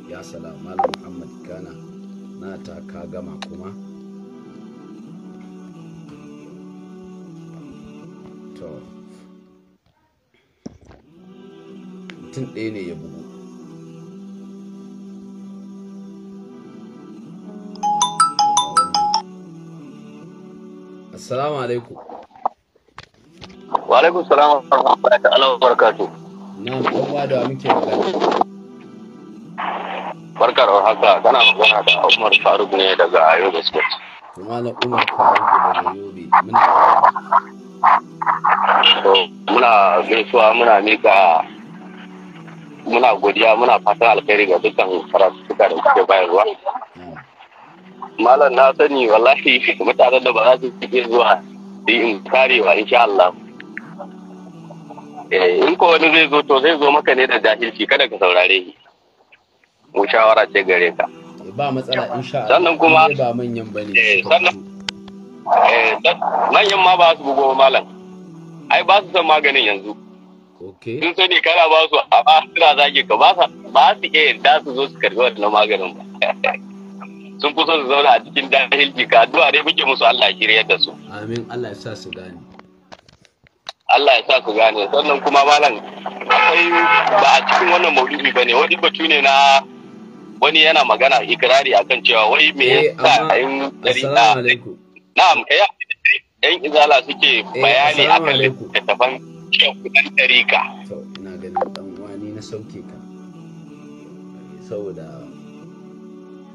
ya salam malam Muhammad Kana na ta ka gama kuma. to mutum ɗaya ne ya bugu assalamu alaikum wa alaikum salam wa rahmatullahi ta'ala wa barakatuh na'am kowa da muke magana barkar haka kana magana da Umar Faruk ne daga Yobe State. na Umar Faruk daga Yobe muna muna gaisuwa muna mika muna godiya muna fatan alkhairi ga dukkan suka da suke bayarwa malam na sani wallahi mutanen da ba za su suke zuwa da yi karewa insha Allah eh, in ko wani zai zo to zai zo maka ne da jahilci kada ka saurare shi mu shawara ce gare ka ba matsala insha Allah sannan kuma ba manyan bane eh, sannan eh, manyan ma ba su bugo malam ai ba su san maganin yanzu sun sani kana ba su amma suna zage ka ba su iya yadda su zo su karbi wannan maganin ba sun kusa su zauna a cikin jahilci ka addu'a dai muke musu Allah ya shiryar da su amin Allah ya sa su gane Allah ya sa su gane sannan kuma malam akwai ba a cikin wannan maulidi ba ne wani batu ne na wani yana magana ikirari akan cewa wai me eh, yasa in dari na na'am kai eh, yan izala suke eh, bayani a kan littattafan shekudan ɗarika. to ina ganin ɗan wani na sauke ka saboda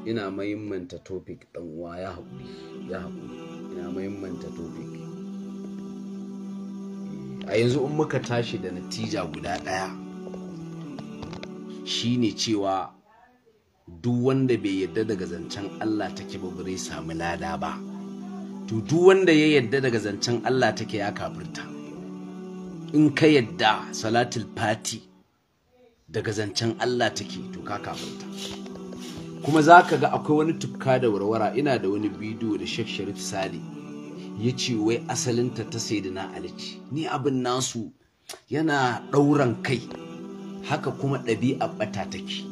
ina mahimmanta topic ɗan uwa ya haƙuri ya haƙuri ina mahimmanta topic a yanzu in muka tashi da natija guda ɗaya shine cewa duk wanda bai yarda daga zancen Allah take ba bare samu lada ba to wanda ya yadda daga zancen Allah take ya kafirta in ka yadda salatul fati daga zancen Allah take to ka kafirta kuma za ka ga akwai wani tukka da warwara ina da wani bidiyo da Sheikh Sharif sali ya ce wai asalinta ta Sayyidina Ali ce ni abin nasu yana ɗauran kai haka kuma ɗabi'a ɓata take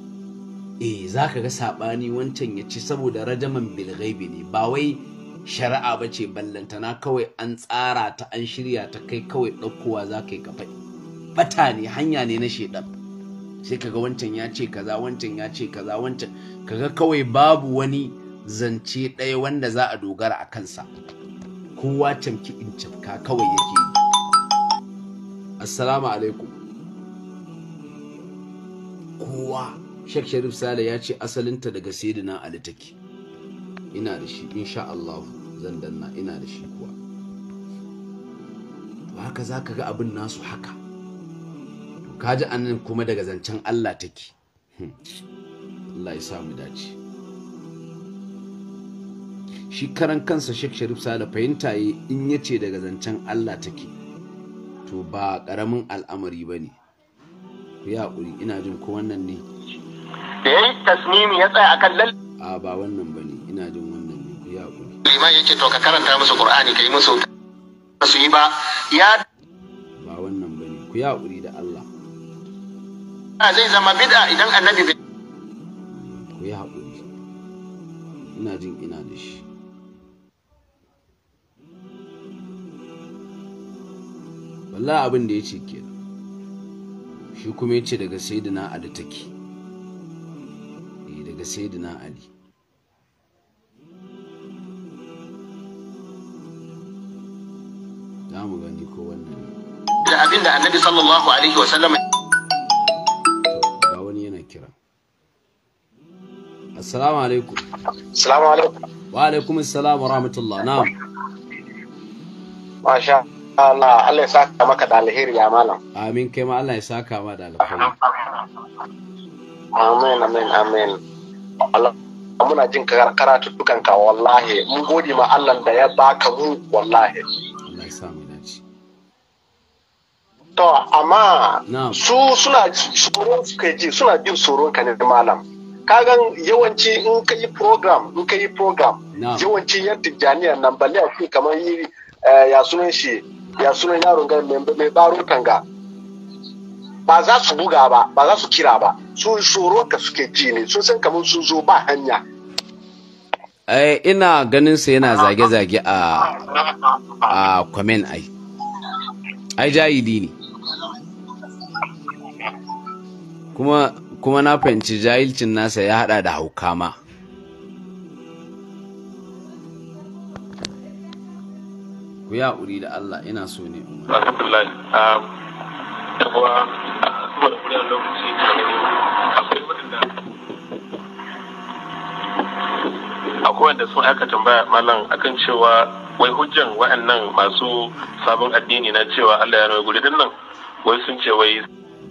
eh za ka ga saɓani wancan ya ci saboda rajaman bilghaibi ne ba wai shari'a ba ce ballantana kawai an tsara ta an shirya ta kai kawai ɗaukowa za ka yi kafai faɗi bata ne hanya ne na shaidan sai kaga wancan ya ce kaza wancan ya ce kaza wancan kaga kawai babu wani zance ɗaya wanda za a dogara a kansa kowa camki in camka kawai yake yi assalamu alaikum kowa shek sharif sale ya ce asalinta daga sayyidina ali take ina da shi insha Allah zan danna ina da shi kuwa to haka za ka ga abin nasu haka to kaji anan kuma daga zancen Allah take hmm. Allah ya samu dace shi karan kansa Sheikh Sharif Sale fahimta yi in yace daga zancen Allah take to ba karamin al'amari bane ku ya hakuri ina jin ko wannan ne da yayi tasmimi ya tsaya akan lalle a ba wannan bane ina jin ma yake to ka karanta musu qur'ani kai musu su yi ba ya ba wannan bane ku ya hakuri da Allah a zai zama bid'a idan annabi ku ya hakuri ina jin ina da shi wallahi abin da ya ce shi kuma ya ce daga sayyidina ali take eh, daga sayyidina ali za mu gani ko wannan da abin da annabi sallallahu alaihi wa sallam ga wani yana kira assalamu alaikum assalamu alaikum wa alaikum assalam wa rahmatullah na'am masha Allah Allah ya saka maka da alheri ya malam amin kai ma Allah ya saka ma da alheri amin amin amin Allah muna jin karatuttukan ka wallahi mun gode ma Allah da ya baka mu wallahi Allah ya To, amma su suna tsoron su kai ji suna jin tsoron ka ne malam. Kagan yawanci in ka yi program, in ka yi program, yawanci yan tijjaniya nan balle a fi kamar yi eh, ya sunan shi, ya sunan yaron ga mai baro tanga. Ba za su buga ba, ba za su kira ba. Su tsoron ka suke ji ne, sun san kamar sun zo ba hanya. Eh, ina ganin sa yana zage-zage a a kwamen ai. Ai jahili ne. kuma kuma na fahimci jahilcin nasa ya hada da hauka ma ku ya uri da Allah ina so ne ah, ah, umar a akwai akwai wanda sun aka tambaya malam akan cewa wai hujjan wa'annan masu sabon addini na cewa Allah ya rawar guri nan wai sun ce wai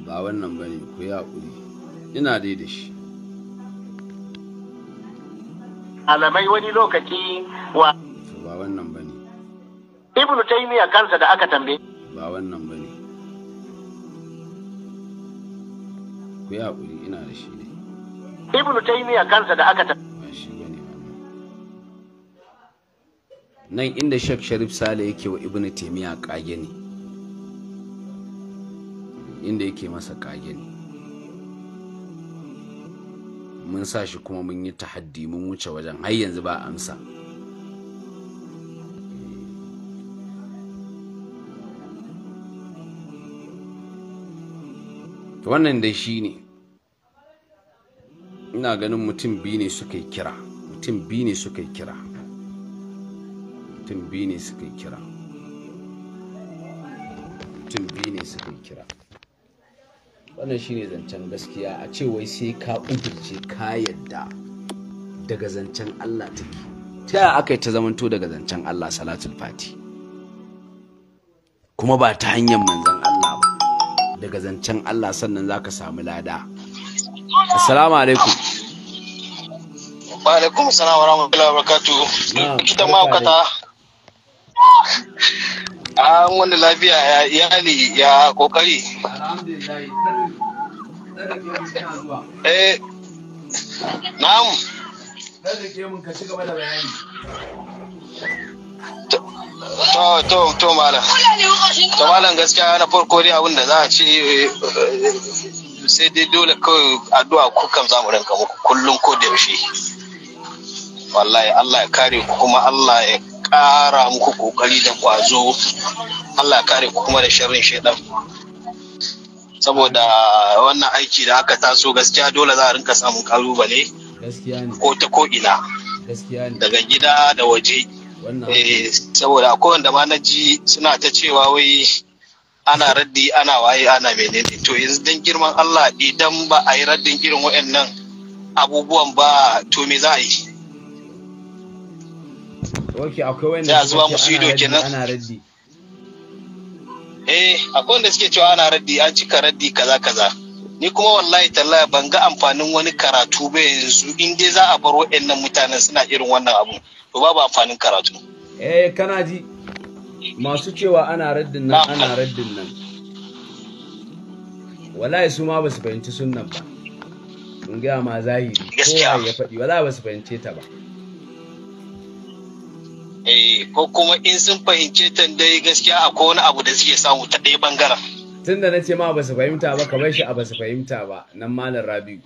ba wannan ba ne ku ya ƙuri ina dai da shi alamai wani lokaci wa ba wannan ba ne ibnu taymiya kansa da aka tambaye ba wannan ba ne ku ya ƙuri ina da shi ne ibnu taymiya kansa da aka tambaye nan inda Sheikh Sharif Sale yake wa Ibn taimiyya kage ne inda yake masa kage ne mun sa shi kuma mun yi tahaddi mun wuce wajen har yanzu ba amsa eh. wannan dai shi ne ina ganin mutum biyu ne suka yi kira mutum biyu ne suka yi kira mutum biyu ne suka yi kira mutum biyu ne suka yi kira wannan shine zancen gaskiya a ce wai sai ka kudurce ka yadda daga zancen Allah take ta yaya aka yi ta zamanto daga zancen Allah salatul fati kuma ba ta hanyar manzon Allah ba daga zancen Allah sannan zaka samu lada assalamu alaikum alaikum assalam wa rahmatullahi wa barakatuh kita kata an wani lafiya ya iyali ya kokari eh to malam gaskiya na farko dai abin da za a ci eh, sai dai dole kawai addu'a kukan zamu rinka muku kullum ko da yaushe wallahi Allah ya kare ku kuma Allah ya kara muku kokari da kwazo Allah ya kare ku kuma da sharrin shaidan saboda wannan aiki da aka taso gaskiya dole za a rinka samun kalubale ko ta ko ina daga gida da waje eh, saboda akwai wanda ma na ji suna ta cewa wai ana raddi ana waye ana menene to yanzu don girman Allah idan ba a yi raddin irin waɗannan abubuwan ba to me za a yi. Okay, akwai wanda ana raddi. eh akwai wanda suke cewa ana raddi an cika raddi kaza kaza ni kuma wallahi tallahi ban ga amfanin wani karatu ba yanzu in dai za a bar waɗannan mutanen suna irin wannan abu to babu amfanin karatu eh kana ji masu cewa ana raddin nan ana raddin nan wallahi su ma basu fahimci sunnan ba mun gaya ma zahiri kowa ya faɗi wallahi basu fahimce ta ba eh ko kuma in sun fahimce ta dai gaskiya akwai wani abu da suke samu ta ɗaya bangaren tun da na ce ma ba su fahimta ba ka bai shi a ba su fahimta ba nan malam rabiu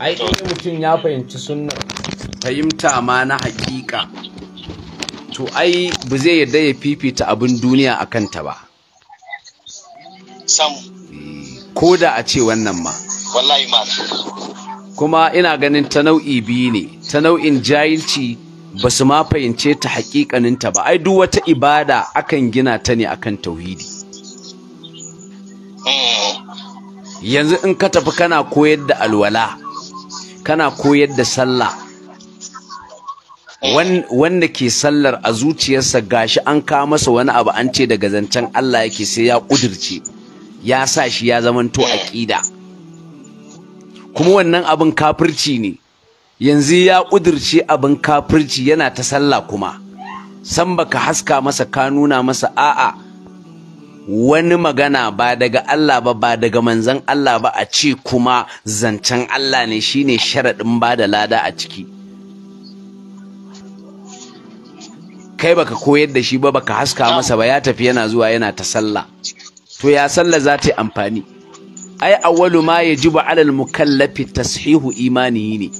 ai in mutum ya fahimci sunan. fahimta ma na hakika to ai ba zai yadda ya fifita abin duniya a kanta ba sam eh, ko da a ce wannan ma wallahi ma kuma ina ganin ta nau'i biyu ne ta nau'in jahilci ba su ma fahimce ta hakikaninta ba ai duk wata ibada akan gina ta ne akan tauhidi yanzu in ka tafi kana koyar da alwala kana koyar da sallah wanda ke sallar a zuciyarsa gashi an kawo masa wani abu an ce daga zancen Allah yake sai ya kudirce ya sa shi ya zamanto aƙida kuma wannan abin kafirci ne yanzu ya ƙudurce abin kafirci yana ta sallah kuma san baka haska masa ka nuna masa a'a wani magana ba daga Allah ba ba daga manzon Allah ba a ce kuma zancen Allah ne shine sharaɗin ba da lada a ciki kai baka koyar da shi ba baka haska masa ba ya tafi yana zuwa yana ta sallah to ya sallah za ta yi amfani ai awwalu ma yajibu alal mukallafi tashihu imanihi ne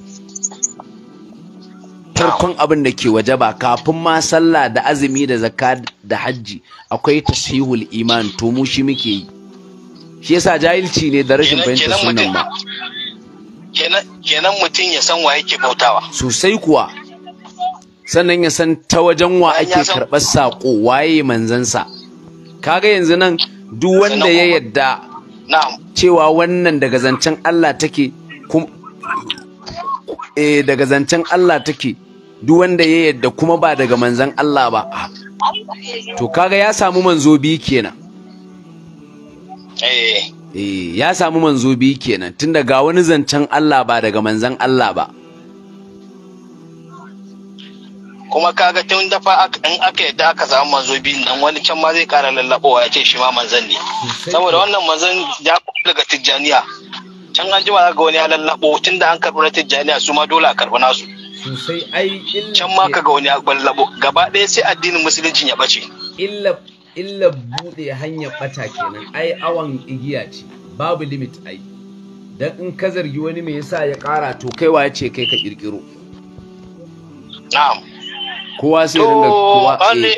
farkon abin da ke waje ba kafin ma sallah da azumi da zakka da hajji akwai tashihul iman to mu shi muke yi shi yasa jahilci ne da rashin fahimtar sunan ma kenan mutum ya san wa yake bautawa sosai kuwa sannan ya san ta wajen wa ake karɓar saƙo waye manzansa kaga yanzu nan duk wanda ya yadda cewa wannan daga zancen Allah take eh, daga zancen Allah take duk wanda ya yadda kuma ba daga manzan Allah ba to kaga ya samu manzo biyu kenan eh. eh ya samu manzo biyu kenan tunda ga wani zancen Allah ba daga manzan Allah ba kuma kaga tun dafa in aka yadda aka samu manzo biyu nan wani can ma zai kara lallabowa ya ce shi ma manzan ne saboda wannan manzan ya daga tijjaniya can an jima ga wani ya lallabo tun da an karɓi na tijjaniya su ma dole a karɓi nasu sosai ai can ma kaga ga wani labo gaba ɗaya sai addinin musuluncin ya ɓace illa illa bude hanya ɓata kenan ai awan igiya ce babu limit ai dan in ka zargi wani me yasa ya kara to kai wa ce kai ka ƙirƙiro na'am kowa sai dinga kowa a eh.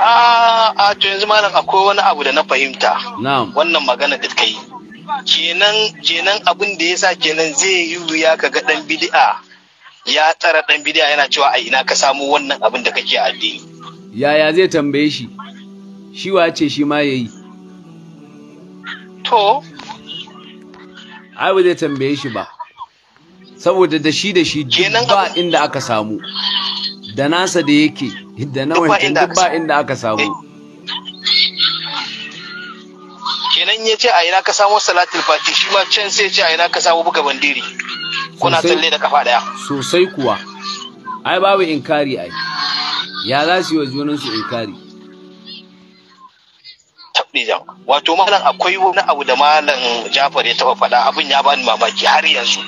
ah, ah, to yanzu malam akwai wani abu da na fahimta wannan magana da kai kenan kenan abin da yasa kenan zai yi wuya ka ga dan bid'a ya tsara dan bidiya yana cewa a ina ka samu wannan abin da kake addini yaya zai tambaye shi shi wa ce shi ma yayi to ai ba zai tambaye shi ba saboda da shi da shi duk ba inda aka samu da nasa da yake da na wancan duk ba inda aka samu kenan ya ce a ina ka samo salatul fati shi ma can sai ce a ina ka samo buga bandiri kuna tsalle da kafa daya sosai kuwa ai babu inkari ai ya za su yi wa su inkari Khadija wato malam akwai wani abu da malam Jafar ya taba faɗa abin ya bani mamaki har yanzu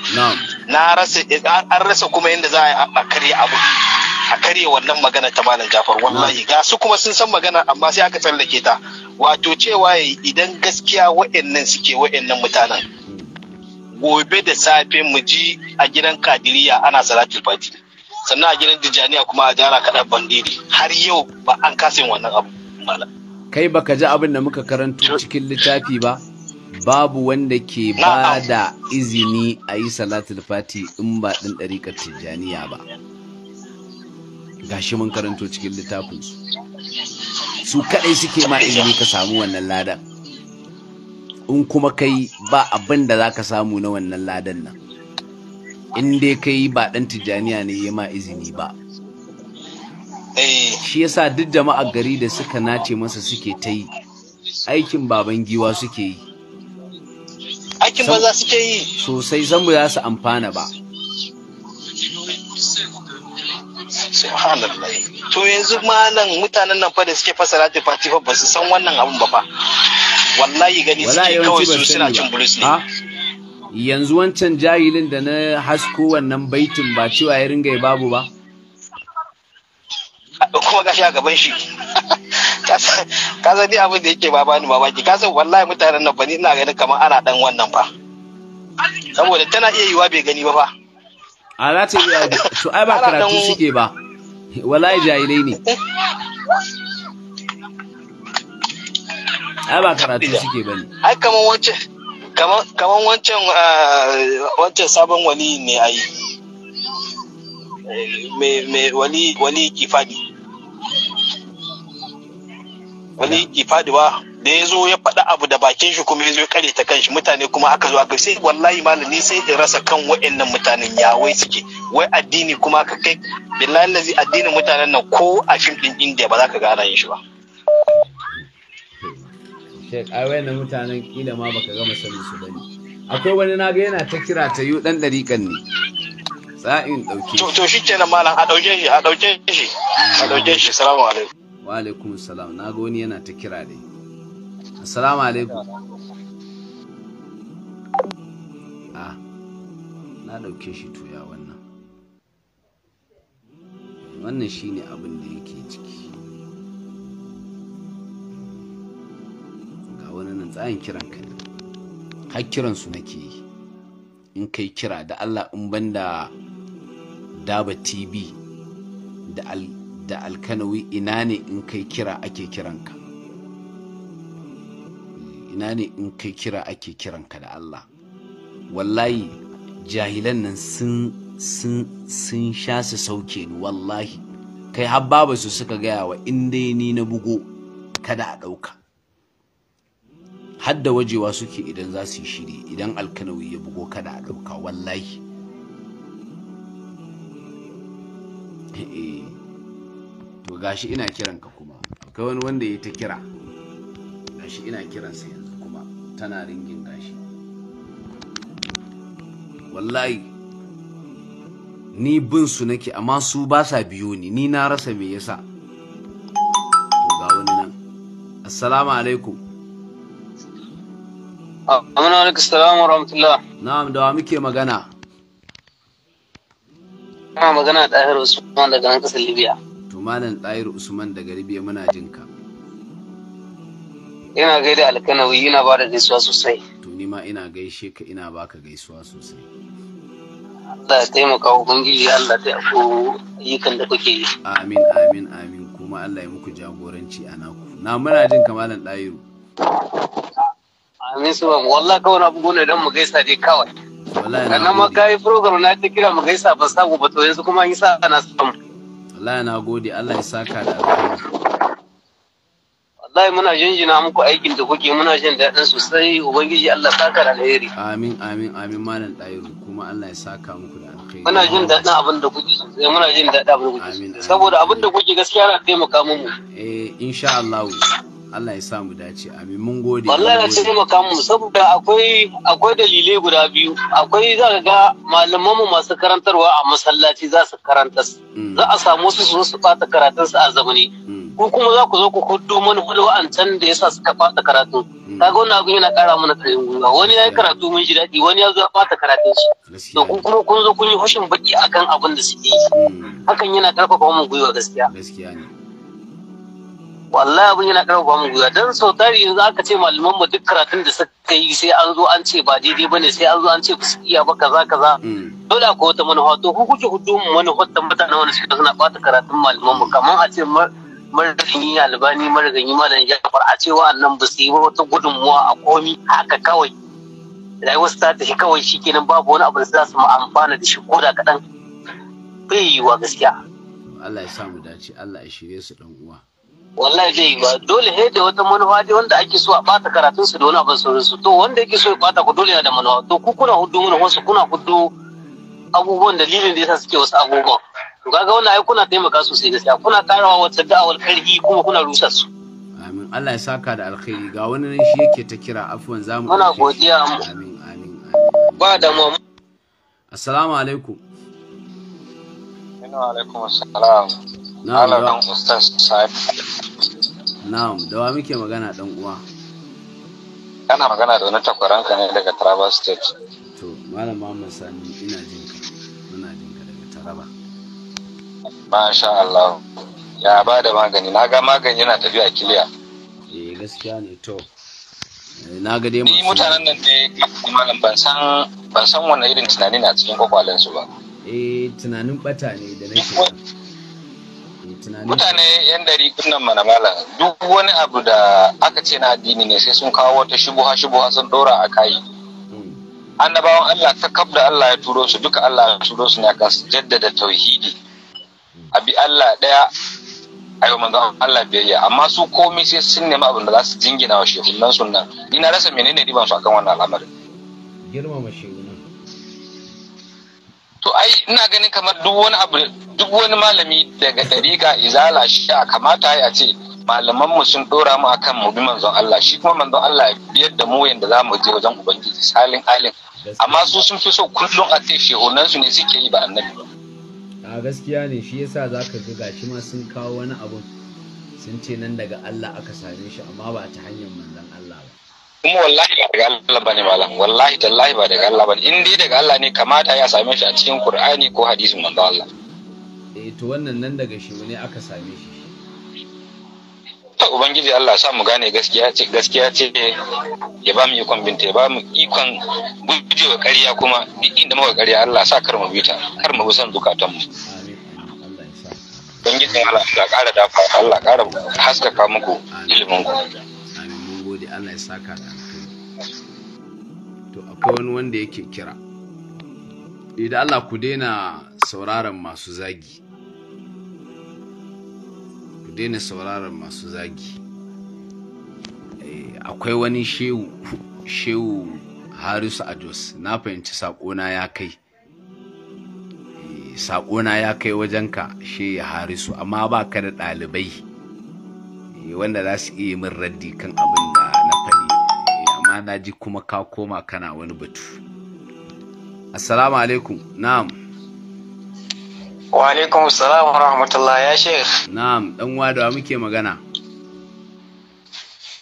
na rasa an rasa kuma yadda za a karya abu a karya wannan magana ta malam Jafar wallahi ga su kuma sun san magana amma sai aka tsallake ta wato cewa idan gaskiya wa'annan suke wa'annan mutanen gobe da safe mu ji a gidan kadiriya ana salatul fati sannan a gidan dijaniya kuma a jara kaɗan bandiri har yau ba an kasa yin wannan abu malam kai baka ji abin da muka karanto cikin littafi ba babu wanda ke ba da izini a yi salatul fati in ba ɗin ɗariƙar tijjaniya ba gashi mun karanto cikin littafinsu su kaɗai suke ma izini ka samu wannan ladan in kuma kai ba abin da za ka samu na wannan ladan nan in dai kai ba ɗan tijjaniya ne ya ma izini ba eh. shi yasa duk jama'a gari da suka nace masa suke ta yi aikin baban giwa suke yi aikin banza suke yi sosai san ba su amfana ba to yanzu malam mutanen nan fa da suke fasara ta fatifa ba su san wannan abun ba fa wallahi gani suke kawai su suna cin bulus ne yanzu wancan jahilin da na hasko wannan baitin ba cewa ya ringa babu ba kuma gashi a gaban shi ka san ni abin da yake ba bani mamaki ka san wallahi mutanen nan ba ni ina ganin kamar ana dan wannan ba saboda tana iya yiwa bai gani ba fa a za ta iya to ai ba karatu suke ba wallahi jahilai ne ai ba karatu suke ne. ai kaman wancan kaman wancan ah, wancan sabon wali ne ai me wali wali kifadi wali kifadi ba da ya zo ya faɗa abu da bakin shi kuma ya zo ya kare ta kanshi mutane kuma aka zo aka sai wallahi malami sai in rasa kan wa'annan mutanen yawai suke wai addini kuma aka kai billahi lazi addinin mutanen nan ko a fim din indiya ba za ka gane shi ba shek ai mutanen kila ma baka gama sanin su bane akwai wani na ga yana ta kira ta yu dan dariƙan ne sa'in dauke to to shikenan malam a dauke shi a dauke shi a dauke shi assalamu alaikum wa alaikum Na ga wani yana ta kira dai assalamu alaikum ah na dauke shi tuya wannan wannan shine abin da yake ciki wani nan tsayin kiran ka har kiran su nake yi in kai kira da Allah in banda daba TV da al da alkanawi ina ne in kai kira ake kiranka ina ne in kai kira ake kiranka da Allah wallahi jahilan nan sun sun sun sha su sauke ni wallahi kai har babu su suka gaya wa in dai ni na bugo kada a ɗauka hadda wajewa suke idan za su yi shiri idan alkanawi ya bugo kada a ɗauka wallahi eh, to gashi ina kiran ka kuma akwai wani wanda ya ta kira gashi ina kiransa yanzu kuma tana ringin gashi wallahi ni bin su nake amma su ba sa biyo ni ni na rasa me yasa to ga wani nan assalamu alaikum Amina alaikum salam wa rahmatullah. Na'am da wa muke magana? Ina magana da Tahir Usman daga nan kasar Libya. To malam Tahir Usman daga Libya muna jin ka. Ina gaida alkanawi ina ba da gaisuwa sosai. To ni ma ina gaishe ka ina baka gaisuwa sosai. Allah ya taimaka wa Ubangiji Allah ta yako ayyukan da kuke yi. Amin amin amin kuma Allah ya muku jagoranci a naku. Na muna jin ka malam Tahiru. Hamisu ba wallahi kawai na bugu don mu gaisa dai kawai. Sannan ma ka yi program na ta kira mu gaisa ba samu ba to yanzu kuma an yi sa na samu. Wallahi na gode Allah ya saka da alkhairi. Wallahi muna jinjina muku aikin da kuke muna jin daɗin sosai Ubangiji Allah saka da alheri. Amin amin amin malam ɗayiru kuma Allah ya saka muku da alheri. Muna jin daɗin abin da kuke sosai muna jin daɗin abin da kuke. Saboda abin da kuke gaskiya na taimaka mu. Eh insha Allah. Allah ya sa mu dace amin mun gode wallahi ya taimaka mu saboda akwai akwai dalilai guda biyu akwai za ga malaman mu masu karantarwa a masallaci za su karanta hmm. za a samu su su su fata karatun su a zamani hmm. ko kuma za ku zo ku hudu mana can da yasa suka bata karatu hmm. kaga wannan abin yana kara mana karin gwiwa wani ya yi karatu mun ji daɗi wani ya zo ya fata karatun shi to ku kuma kun zo kun yi hushin baki akan abin da suke yi hakan yana karfafa mu gwiwa gaskiya gaskiya ne wallahi abin yana karfafa mu guda. dan sau tari yanzu aka ce malaman mu duk karatun da suka yi sai an zo an ce ba daidai bane sai an zo an ce ba su iya ba kaza kaza hmm. dole akwai wata manufa to ku kuke hudu mu manufar ta mutanen wani suke suna bata karatun malaman mu kamar a ce marigayi albani marigayi malam jafar a ce wa'annan ba su yi wata gudunmuwa a komi haka kawai rayuwar su ta tafi kawai shi kenan babu wani abu da za su amfana da shi ko da kaɗan bai yiwuwa gaskiya Allah ya samu dace Allah ya shirye su ɗan uwa. wallahi zai yi ba dole ne da wata manufa dai wanda ake so a bata karatun su da wani abin sauran su to wanda yake so ya bata ku dole yana da manufa to ku kuna hudu mun wasu kuna hudu abubuwan dalilin da yasa suke wasu abubuwan to kaga wannan ai kuna taimaka sosai gaskiya kuna karawa wata da'awar karhi kuma kuna rusa su amin Allah ya saka da alkhairi ga wani nan shi yake ta kira afwan zamu muna godiya amin amin ba da mu assalamu alaikum wa alaikum assalam Na'am, da wa muke magana dan uwa? Kana magana da wani ka ne daga Taraba State. To, Malam Muhammad Sani ina jin ka. Muna jin ka daga Taraba. Masha Allah. Ya ba da magani, na ga magani yana tafiya kiliya. Eh gaskiya ne to. Eh, na ga dai Ni mutanen nan ne malam ban san ban san wani irin tunani na cikin kwakwalen su ba. Eh tunanin bata ne da nake. mutane yan dari kunnan mana malam duk wani abu da aka ce na addini ne sai sun kawo wata shubuha shubuha sun dora a kai hmm. annabawan Allah ta kaf da Allah ya turo su duka Allah ya turo su ne akan su jaddada tauhidi hmm. a bi Allah daya a yau Allah biyayya amma su komai sai sun nemi abin da za su jingina wa shehunan sunan ina rasa menene riban su akan wannan al'amarin girmama shehu to ai ina ganin kamar duk wani abu duk wani malami daga dariƙa izala shi a kamata ya ce malaman mu sun dora mu akan mu bi manzon Allah shi kuma manzon Allah biyar da mu yanda za mu je wajen ubangiji salin alin amma su sun fi so kullum a ce shehunan su ne suke yi ba annabi ba a gaskiya ne shi yasa zaka ga gashi ma sun kawo wani abu sun ce nan daga Allah aka same shi amma ba ta hanyar kuma wallahi ba daga Allah bane malam wallahi tallahi ba daga Allah bane in dai daga Allah ne kamata ya same shi a cikin Qur'ani ko hadisin manzo Allah eh to wannan nan daga shi ne aka same shi ta ubangiji Allah sa mu gane gaskiya ce gaskiya ce ya ba mu ikon binta ya ba mu ikon gujewa ƙarya kuma duk inda muka ƙarya Allah sa kar mu bita kar mu san zukatan mu ubangiji Allah ya ƙara dafa Allah ƙara haskaka muku ilimin ku Allah ya saka da alkhairi to akwai wani wanda yake kira eh, da Allah ku daina sauraron masu zagi ku daina sauraron masu zagi eh, akwai wani shehu shehu harisu ajos na fahimci saƙona ya kai eh, saƙona ya kai wajenka shehu harisu amma ba ka da ɗalibai wanda za su iya min raddi kan abin ana na ji kuma ka koma kana wani batu assalamu alaikum na'am wa alaikum assalam wa rahmatullah ya sheikh na'am dan wadawa muke magana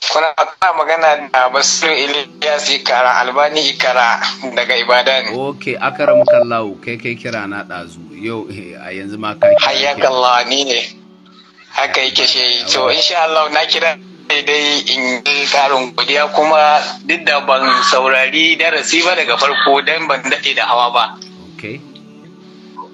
kuna kana magana da basir ilyas ikara albani ikara daga ibadan ok akara mukallahu kai kai kira na ɗazu yau eh, a yanzu ma ka kira hayyaka allah ni ne haka yake shi to insha allah na kira dai in yi karin godiya kuma duk da ban saurari darasi ba daga farko don ban daɗe da hawa ba.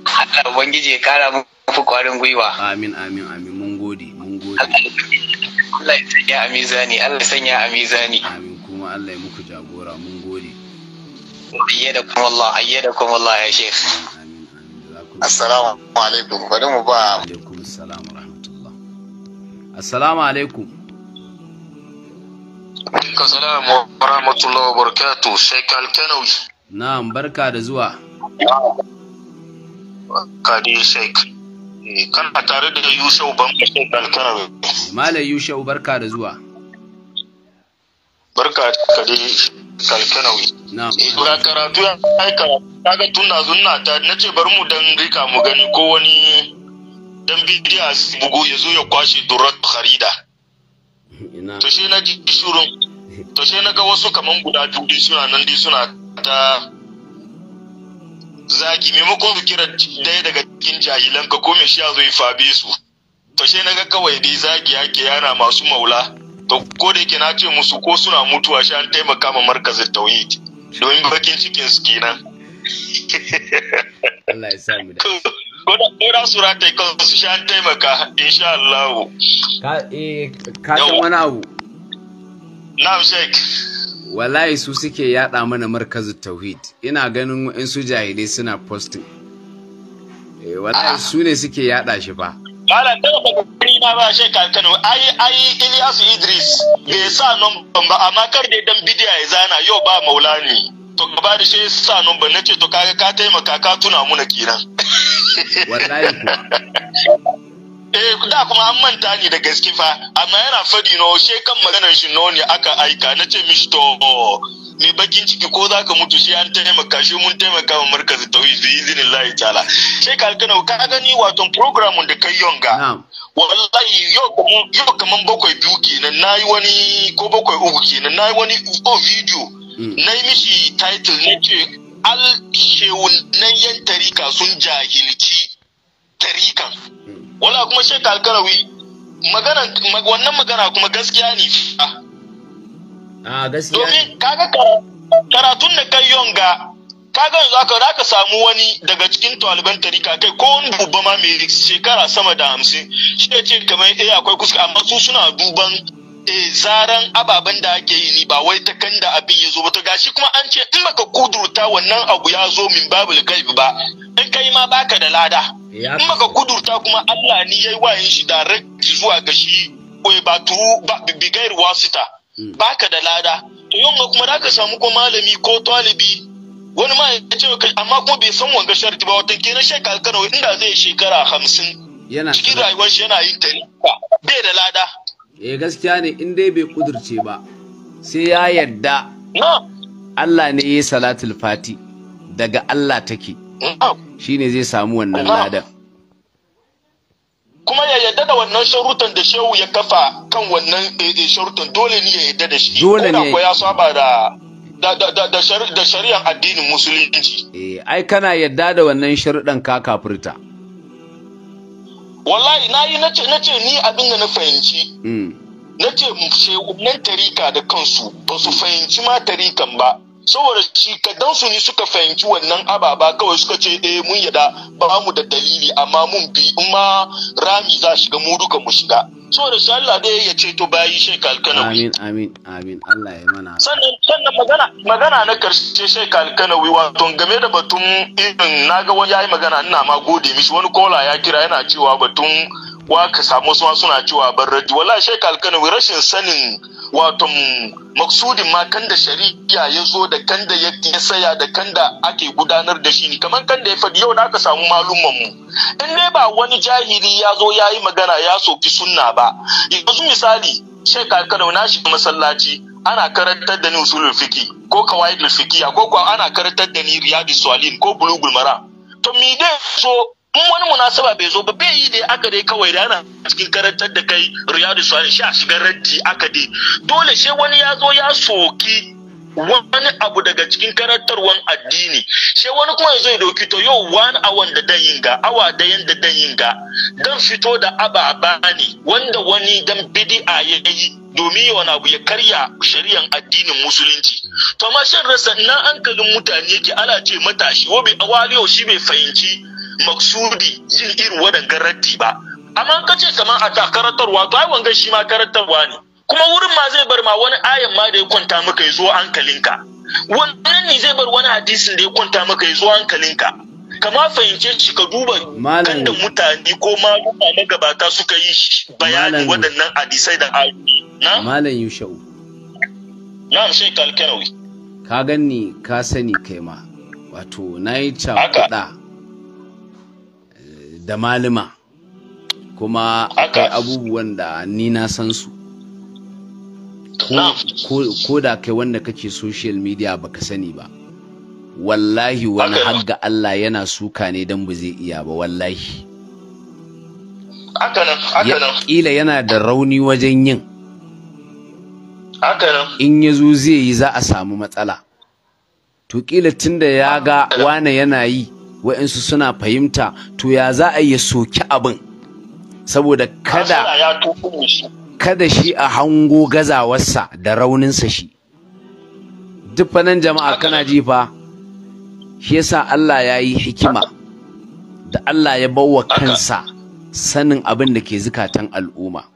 Allah Ubangiji ya kara muku kwarin gwiwa. Amin amin amin mun gode mun gode. Allah ya sanya a mizani Allah ya sanya a mizani. Amin kuma Allah ya muku jagora mun gode. kuma Allah kuma Allah ya Sheikh. Assalamu alaikum bari mu ba. Alaikum assalam wa rahmatullah. Assalamu alaikum. Assalamu wa rahmatullahi wa barakatuh. Sheikh Alkanawi. Na'am, barka da zuwa. Barka da Sheikh. Eh, kana tare da Yushau Bamba Sheikh Alkanawi. Malam Yushau barka da zuwa. Barka ka da Alkanawi. Na'am. Eh, ga karatu ya aika kaga tunna zunna ta nace bari mu dan rika mu gani ko wani dan bidiya bugu ya zo ya kwashe durat kharida. to na ji to na ga wasu kaman guda biyu suna nan dai suna ta zagi maimakon su kira daya daga cikin jahilan ka ko me shi zo ya fabe su to na ga kawai dai zagi yake yana masu maula to ko da yake na ce musu ko suna mutuwa shi an taimaka ma markazin tauhid domin bakin cikin su kenan Allah ya sa mu da Koda sura ta kansu sha taimaka, insha Allah. Ka eh, san wani abu? Na'am Sheikh. Wallahi su suke yada mana markazin tauhid. Ina ganin in su jahilai suna posting. Eh, wallahi su ne suke yada shi ba. Kala da ba kokari na ba shi kankano ai ai Ilyasu Idris bai sa nan ba amma kar da dan bidiya ya zana yau ba Maulani to gaba da shi sa nan na nace to kaga ka taimaka ka tuna muna kiran. wallahi kuwa eh da kuma an manta ni da gaske fa amma yana fadi no she kan maganar shi no ne aka aika na ce mishi to ni bakin ciki ko za ka mutu shi an taimaka shi mun taimaka wa markazi tauhid bi izinin lahi ta'ala sai ka alkana ka gani wato program da kai yonga wallahi yau kaman bakwai biyu kenan nayi wani ko bakwai uku kenan nayi wani video mm. na mishi title ne ce al shewunan yan tarika sun jahilci tarikan wala kuma shek alkarawi magana wannan magana kuma gaskiya ne a ah. ah, gaskiya domin kaga karatun da kai yonga kaga yanzu aka raka samu wani daga cikin taliban tarika kai ko wani babba ma mai shekara sama da hamsin shi ce kamar eh akwai kuska amma su suna duban eh zaran ababen da ake yi ni ba wai ta kan da abin ya zo ba to gashi kuma an ce in baka kudurta wannan abu ya zo min babul gaibi ba in kai ma baka da lada in baka kudurta kuma Allah ni yayi wayin shi direct zuwa ga shi ko ba turu ba bigair wasita hmm. baka da lada to yamma kuma zaka samu ko malami ko talibi wani ma ya ce kai amma kuma bai san wanga sharti ba wata kenan shekara kana inda zai shekara hamsin cikin rayuwar shi yana yin tarihi bai da lada eh gaskiya ne in dai bai kudurce ba sai ya yadda Allah ne ya salatul fati daga Allah take shine zai samu wannan ladan kuma ya yadda da wannan sharutan da shehu ya kafa kan wannan eh, eh, sharutan dole ne ya yadda da shi dole ne ya saba da da shari'ar addinin musulunci eh ai kana yadda da wannan sharudan ka kafirta wallahi na yi na ce ni abin da na fahimci mm. na ce shegunan tarika da kansu ba su fahimci ma tarikan ba saboda shi kadan su ne suka fahimci wannan ababa kawai suka ce eh mun yada ba mu da dalili amma mun bi in ma rami za shiga mu duka mu shiga da shi Allah ɗaya ya ceto bayi shi kalkanawi. Amin amin amin Allah ya mana. Sannan sannan magana magana na karshe shi kalkanawi wato game da batun irin naga wani yayi magana ina ma gode mishi wani kola ya kira yana cewa batun wa ka samu su suna cewa barraji wala shek alkanawi rashin sanin wato maksudin ma kan da shari'a ya zo da kan da ya saya da kan da ake gudanar da shi ne kamar kan da ya faɗi yau na ka samu malumman mu in dai ba wani jahili ya zo ya yi magana ya soki sunna ba yanzu misali shek alkanawi na shi masallaci ana karantar da ni usulul fiki ko kawaidul fikiya ko ko ana karantar da ni riyadus salin ko bulugul mara to mi dai so in wani munasaba bai zo ba bai yi da aka dai kawai da ana cikin karantar da kai riyadu da shi a shigar raddi aka dai dole sai wani ya zo ya soki wani abu daga cikin karantarwan addini sai wani kuma zai doki dauki to yau wani awan da dan yinga awa da yanda dan yinga dan fito da ababa ne wanda wani dan bid'a ya yi domin wani abu ya karya shari'an addinin musulunci to amma shan rasa na ga mutane yake ana ce matashi wabe yau shi bai fahimci maksudi yin irin wadan garanti ba amma ka ce kamar a karantarwa to ai wanga shi ma karantarwa ne kuma wurin ma zai bar ma wani ayan ma da ya kwanta maka ya zo hankalinka wannan ne zai bar wani hadisin da ya kwanta maka ya zo hankalinka kama fahimce shi ka duba kan da mutane ko na magabata suka yi bayanin waɗannan hadisai da ayoyi na malam yushau shi kalkarawi ka ganni ka sani kai ma wato na yi cakuɗa eh, da malama kuma akwai abubuwan da ni na san su ko da kai wanda kake social media baka sani ba wallahi wani hagga Allah yana suka ne don ba zai iya ba wallahi ƙila yana da rauni wajen yin in ya zo zai yi za a samu matsala to ƙila da ya ga wane yana yi wa'insu suna fahimta to ya za a yi soki abin saboda kada kada shi a hango gazawarsa da rauninsa shi duk nan jama'a kana ji fa shi yasa Allah ya yi hikima da Allah ya bawa kansa sanin abin da ke zukatan al'umma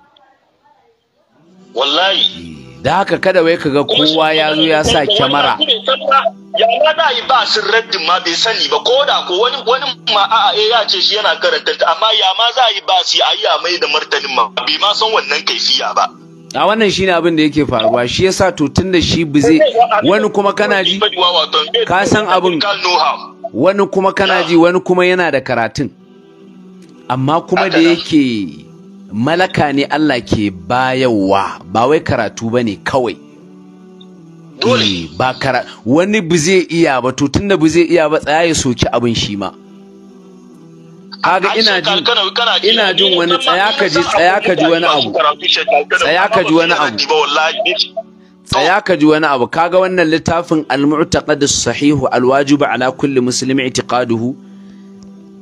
wallahi da haka kada wai kaga kowa ya zo ya sa kyamara ya ma za yi ba sun raddin ma bai sani ba ko da ko wani wani ma a'a eh ya ce shi yana karanta ta amma ya ma za yi ba su ayi a mai da martanin ma bai ma san wannan kaifiya ba a wannan shi ne abin da yake faruwa shi yasa to tun da shi bize. wani kuma kana ji ka san abin wani kuma kana ji wani kuma yana da karatun amma kuma da yake malaka ne Allah ke bayarwa ba wai karatu bane kawai dole eh, ba kara wani bu zai iya ba to tunda bu zai iya ba tsaya ya soki abin shi ma kaga ina jin ina jin wani tsaya ka ji tsaya ka ji wani abu tsaya ka ji wani abu tsaya ka ji wani abu kaga wannan littafin al-mu'taqad as-sahih al-wajib ala kulli muslim i'tiqaduhu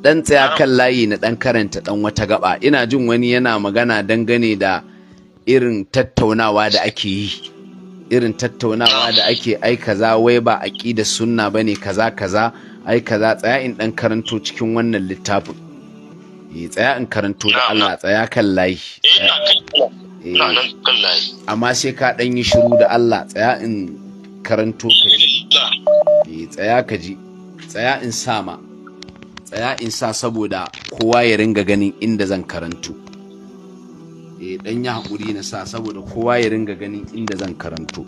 dan tsaya kan layi na dan karanta dan wata gaba ina jin wani yana magana dangane da irin tattaunawa da ake yi irin tattaunawa da ake ai kaza wai ba aqida sunna ne kaza kaza ai kaza tsaya in dan karanto cikin wannan littafin eh tsaya in karanto da Allah tsaya eh, eh. kan layi amma sai ka dan yi shiru da Allah tsaya in karanto ka ji eh tsaya ka ji tsaya in sama tsaya in sa saboda kowa ya ringa ganin inda zan karanto eh dan ya haƙuri na sa saboda kowa ya ringa ganin inda zan karanto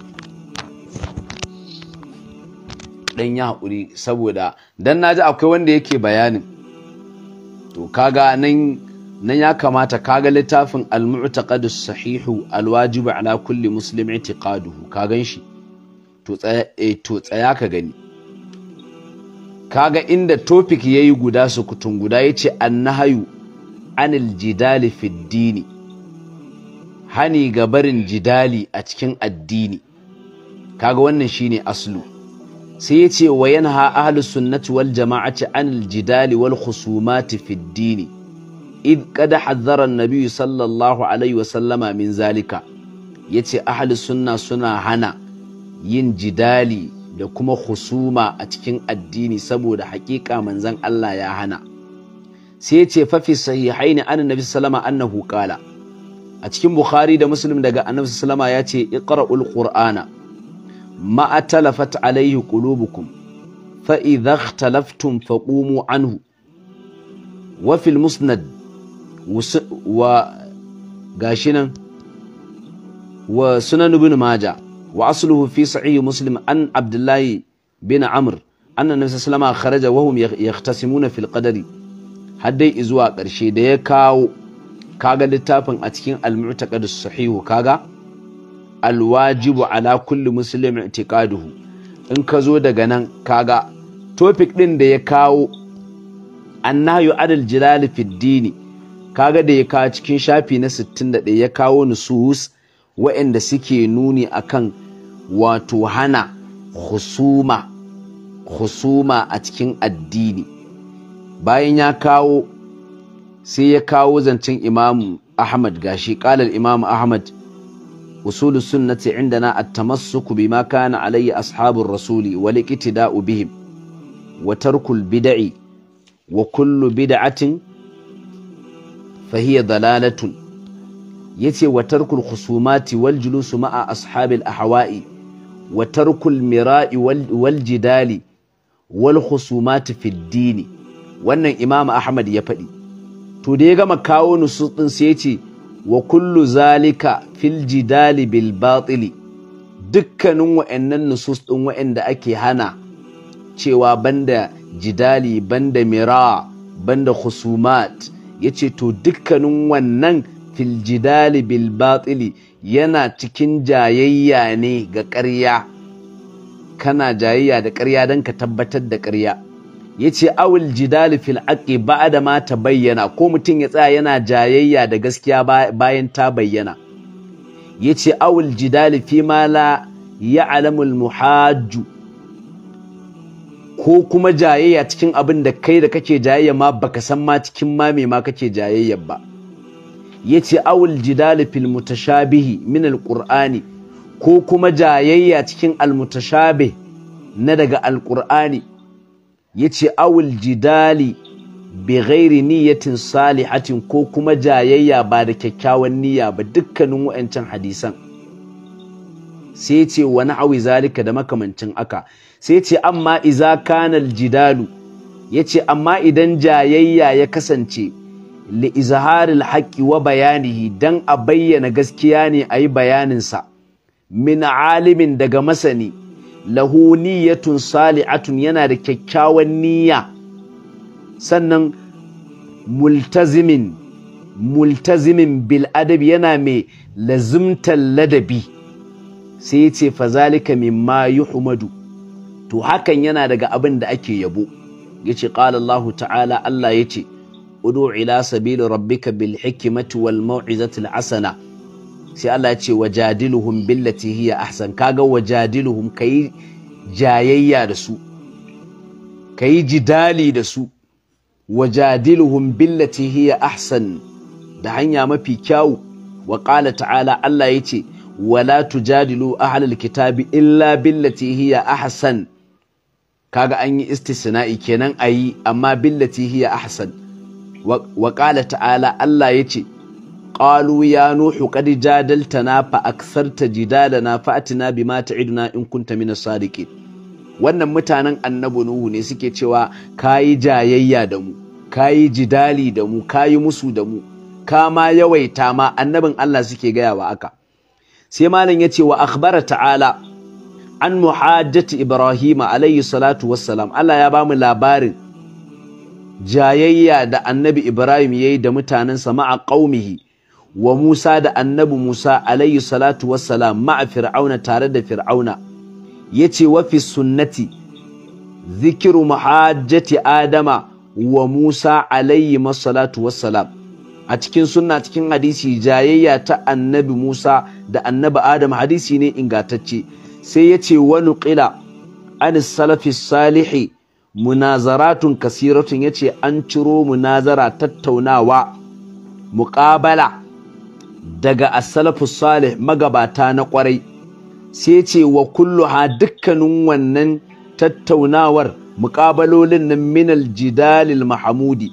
dan ya haƙuri saboda dan naji akwai wanda yake bayanin to kaga nan nan ya kamata kaga littafin al-mu'taqad as-sahihu al-wajibu ala kulli muslim i'tiqaduhu ka ganshi to tsaya eh, to tsaya ka gani kaga inda topic yayi guda su sukutun guda yace annahayu anil jidali fid dini hani ga barin jidali a cikin addini kaga wannan shine aslu sai ya ce wa ha ahli sunnati wal jama'ati an jidali wal khusumati fi dini id kada hazzara nabi sallallahu alaihi wa sallama min zalika ya ce ahli sunna suna hana yin jidali da kuma khusuma a cikin addini saboda haƙiƙa manzan Allah ya hana sai ya ce fa fi an nabi sallama annahu qala a cikin bukhari da muslim daga annabi sallama ya ce iqra'ul qur'ana ma atalafat alayhi qulubukum fa idha ikhtalaftum faqumu anhu wa fil musnad wa gashi nan wa sunan ibn maja wa asluhu fi sahih muslim an abdullahi bin amr anna nabi sallama kharaja wa hum yahtasimuna fil qadari har dai zuwa karshe da ya kawo kaga littafin a cikin al-mu'taqad as-sahih kaga al-wajibu ala kulli muslim i'tiqaduhu in ka zo daga nan kaga topic din da ya kawo annahyu adal jilal fi dini kaga da ya kawo cikin shafi na 61 ya kawo nusus wa'anda suke nuni akan wato hana khusuma husuma a cikin addini bayan ya kawo sai ya kawo zancen imam ahmad gashi kalar imam ahmad usul sunnati inda na tamassuku bima kana alayhi ashabur rasuli wal iqtida'u bihim wa tarkul bid'i wa kullu bid'atin fahiya dalalatun yace wa tarkul khusumati wal julusu ma'a ashabil ahwa'i wa tarkul mira'i wal jidali wal khusumati fid dini wannan imam ahmad ya faɗi to da ya gama kawo nusus ɗin sai ya ce wa kullu zalika fil jidali bil batili dukkanin wa'annan nusus ɗin wa'anda ake hana cewa banda jidali banda mira banda khusumat ya ce to dukkanin wannan fil jidali bil batili yana cikin jayayya ne ga ƙarya kana jayayya da ƙarya don ka tabbatar da ƙarya ya ce awil jidali fil ba da ma ta bayyana ko mutum ya tsaya yana jayayya da gaskiya bayan ta bayyana ya ce awul jidali fi ma la alamul muhajju ko kuma jayayya cikin abin da kai da kake jayayya ma baka san ma cikin ma ma kake jayayya ba ya ce awul jidali fil mutashabihi min Alƙur'ani ko kuma jayayya cikin almutashabih na daga alqur'ani yace awul jidali bi ghairi niyyatin salihatin ko kuma jayayya ba da kyakkyawan niyya ba dukkanin wa'ancan hadisan sai ce wani awi zalika da makamancin aka sai ce amma iza jidalu ya yace amma idan jayayya ya kasance li izharil haqqi wa bayanihi dan a bayyana gaskiya ne yi bayanin sa min alimin daga masani lahu niyyatun sali'atun yana da kyakkyawan niyya sannan multazimin multazimin bil adabi yana mai lazimtar ladabi sai ya ce fazalika mimma yuhmadu to hakan yana daga abin da ake yabo yace qala Allah ta'ala Allah yace ud'u ila sabili rabbika bil hikmati wal mau'izati al hasana sai Allah ya ce wajadiluhum billati hiya ahsan kaga wajadiluhum kai jayayya da su kai jidali da su wajadiluhum billati hiya ahsan da hanya mafi kyau wa qala ta'ala Allah ya ce wala tujadilu ahlal kitabi illa billati hiya ahsan kaga an yi istisna'i kenan ayi amma billati hiya ahsan wa qala ta'ala Allah ya ce qalu ya nuhu qad na fa aksarta na fa atina bima ta'iduna in kunta minas sadiqin wannan mutanen annabi nuhu ne suke cewa kayi jayayya da mu kayi jidali da mu kayi musu da mu ka ma yawaita ma annabin Allah suke gaya wa aka sai malam ya ce wa akhbara ta'ala an muhajjati ibrahim alayhi salatu wassalam Allah ya bamu labarin jayayya da annabi ibrahim yayi da mutanensa ma'a qaumihi wa Musa da annabi Musa alayhi salatu wassalam ma'a fir'auna tare da fir'auna yace wa fi sunnati zikiru mahajjati adama wa Musa alayhi salatu wassalam a cikin sunna cikin hadisi jayayya ta annabi Musa da annabi Adam hadisi ne ingantacce sai yace wa nuqila an salafi salihi munazaratun kasiratun yace an ciro munazara tattaunawa muqabala daga as salih magabata na kwarai sai ce wa kullu ha dukkanin wannan tattaunawar muƙabalolin nan minal jidalil mahamudi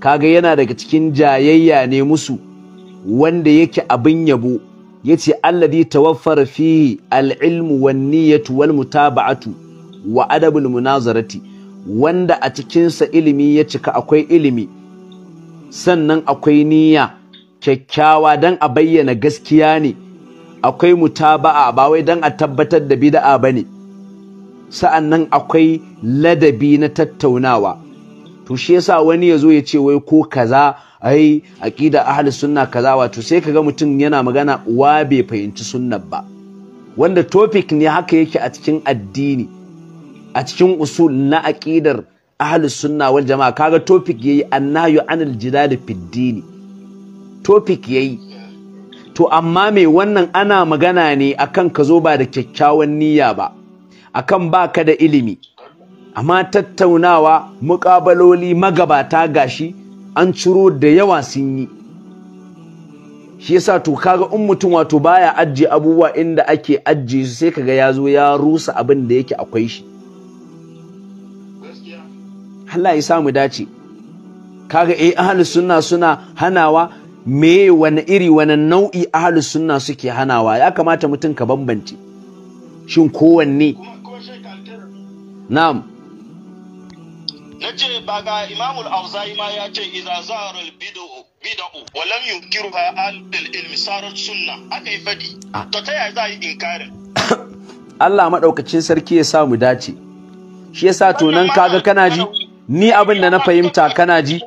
kaga yana daga cikin jayayya ne musu wanda yake abin yabo yace alladhi tawaffara fihi al-ilmu wan niyyatu wal mutaba'atu wa adabul munazarati wanda a cikinsa ilimi ya cika akwai ilimi sannan akwai niyya kyakkyawa don a bayyana gaskiya ne akwai mutaba'a ba wai dan a tabbatar da bid'a bane sa'annan akwai ladabi na tattaunawa to shi yasa wani ya zo ya ce wai ko kaza ai aƙida suna sunna kaza wato sai ga mutum yana magana uwa bai fahimci sunnar ba wanda topic ne haka yake a cikin addini a cikin usul na aƙidar ahal sunna wal jama'a kaga topic yayi annahyu anil jidal fid dini topic yayi to amma me wannan ana magana ne akan ka zo ba da kyakkyawan niyya ba akan ka da ilimi amma tattaunawa muƙabaloli magabata gashi an ciro da yawa sun yi shi yasa to kaga in mutum wato baya ajiye abubuwa inda ake ajiye su sai kaga ya zo ya rusa abin da yake akwai shi Allah ya samu dace kaga eh ahlus sunna suna hanawa me wani iri wani nau'i ahlu sunna suke hanawa ya kamata mutum ka bambance shin kowanne na'am nace ba ga imamu al-auza'i ma ya ce idza zahara al-bid'u bid'u wa lam yunkiruha ahlul ilmi sarat sunna aka yi fadi ah. to ta yaya za yi inkarin Allah madaukakin sarki ya sa mu dace shi yasa to nan kaga kana ji ni abin da na fahimta kana ji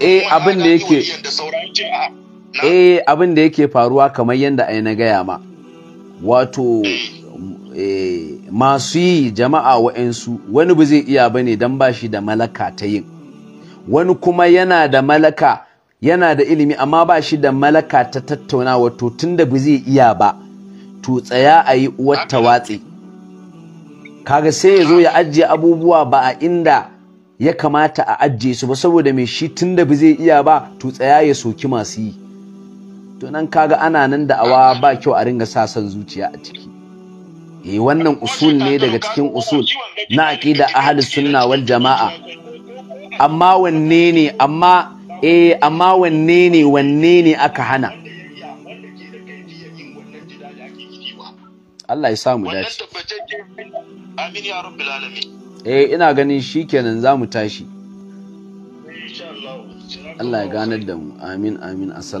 Eh, eh abin da yake faruwa kamar yanda ai na gaya ma wato eh, masu yi jama'a wa'ensu wani ba zai iya ba ne don ba shi da malaka ta yin wani kuma yana da ilimi amma ba shi da malaka ta tattaunawa to tun da ba zai iya ba to tsaya a yi uwarta watsi kaga sai ya zo ya ajiye abubuwa ba a inda ya kamata a ajiye su ba saboda mai shi tun da ba zai iya ba to tsaya ya soki masu yi to nan kaga ana nan da awa ba kyau a ringa sa son zuciya a ciki eh wannan usul ne daga cikin usul na aqida ahlus sunna wal jamaa amma wanne ne amma eh amma wanne ne wanne ne aka hana Allah ya samu dace amin ya alamin eh ina ganin shikenan za mu tashi Allah ya ganar da mu amin amin assalamu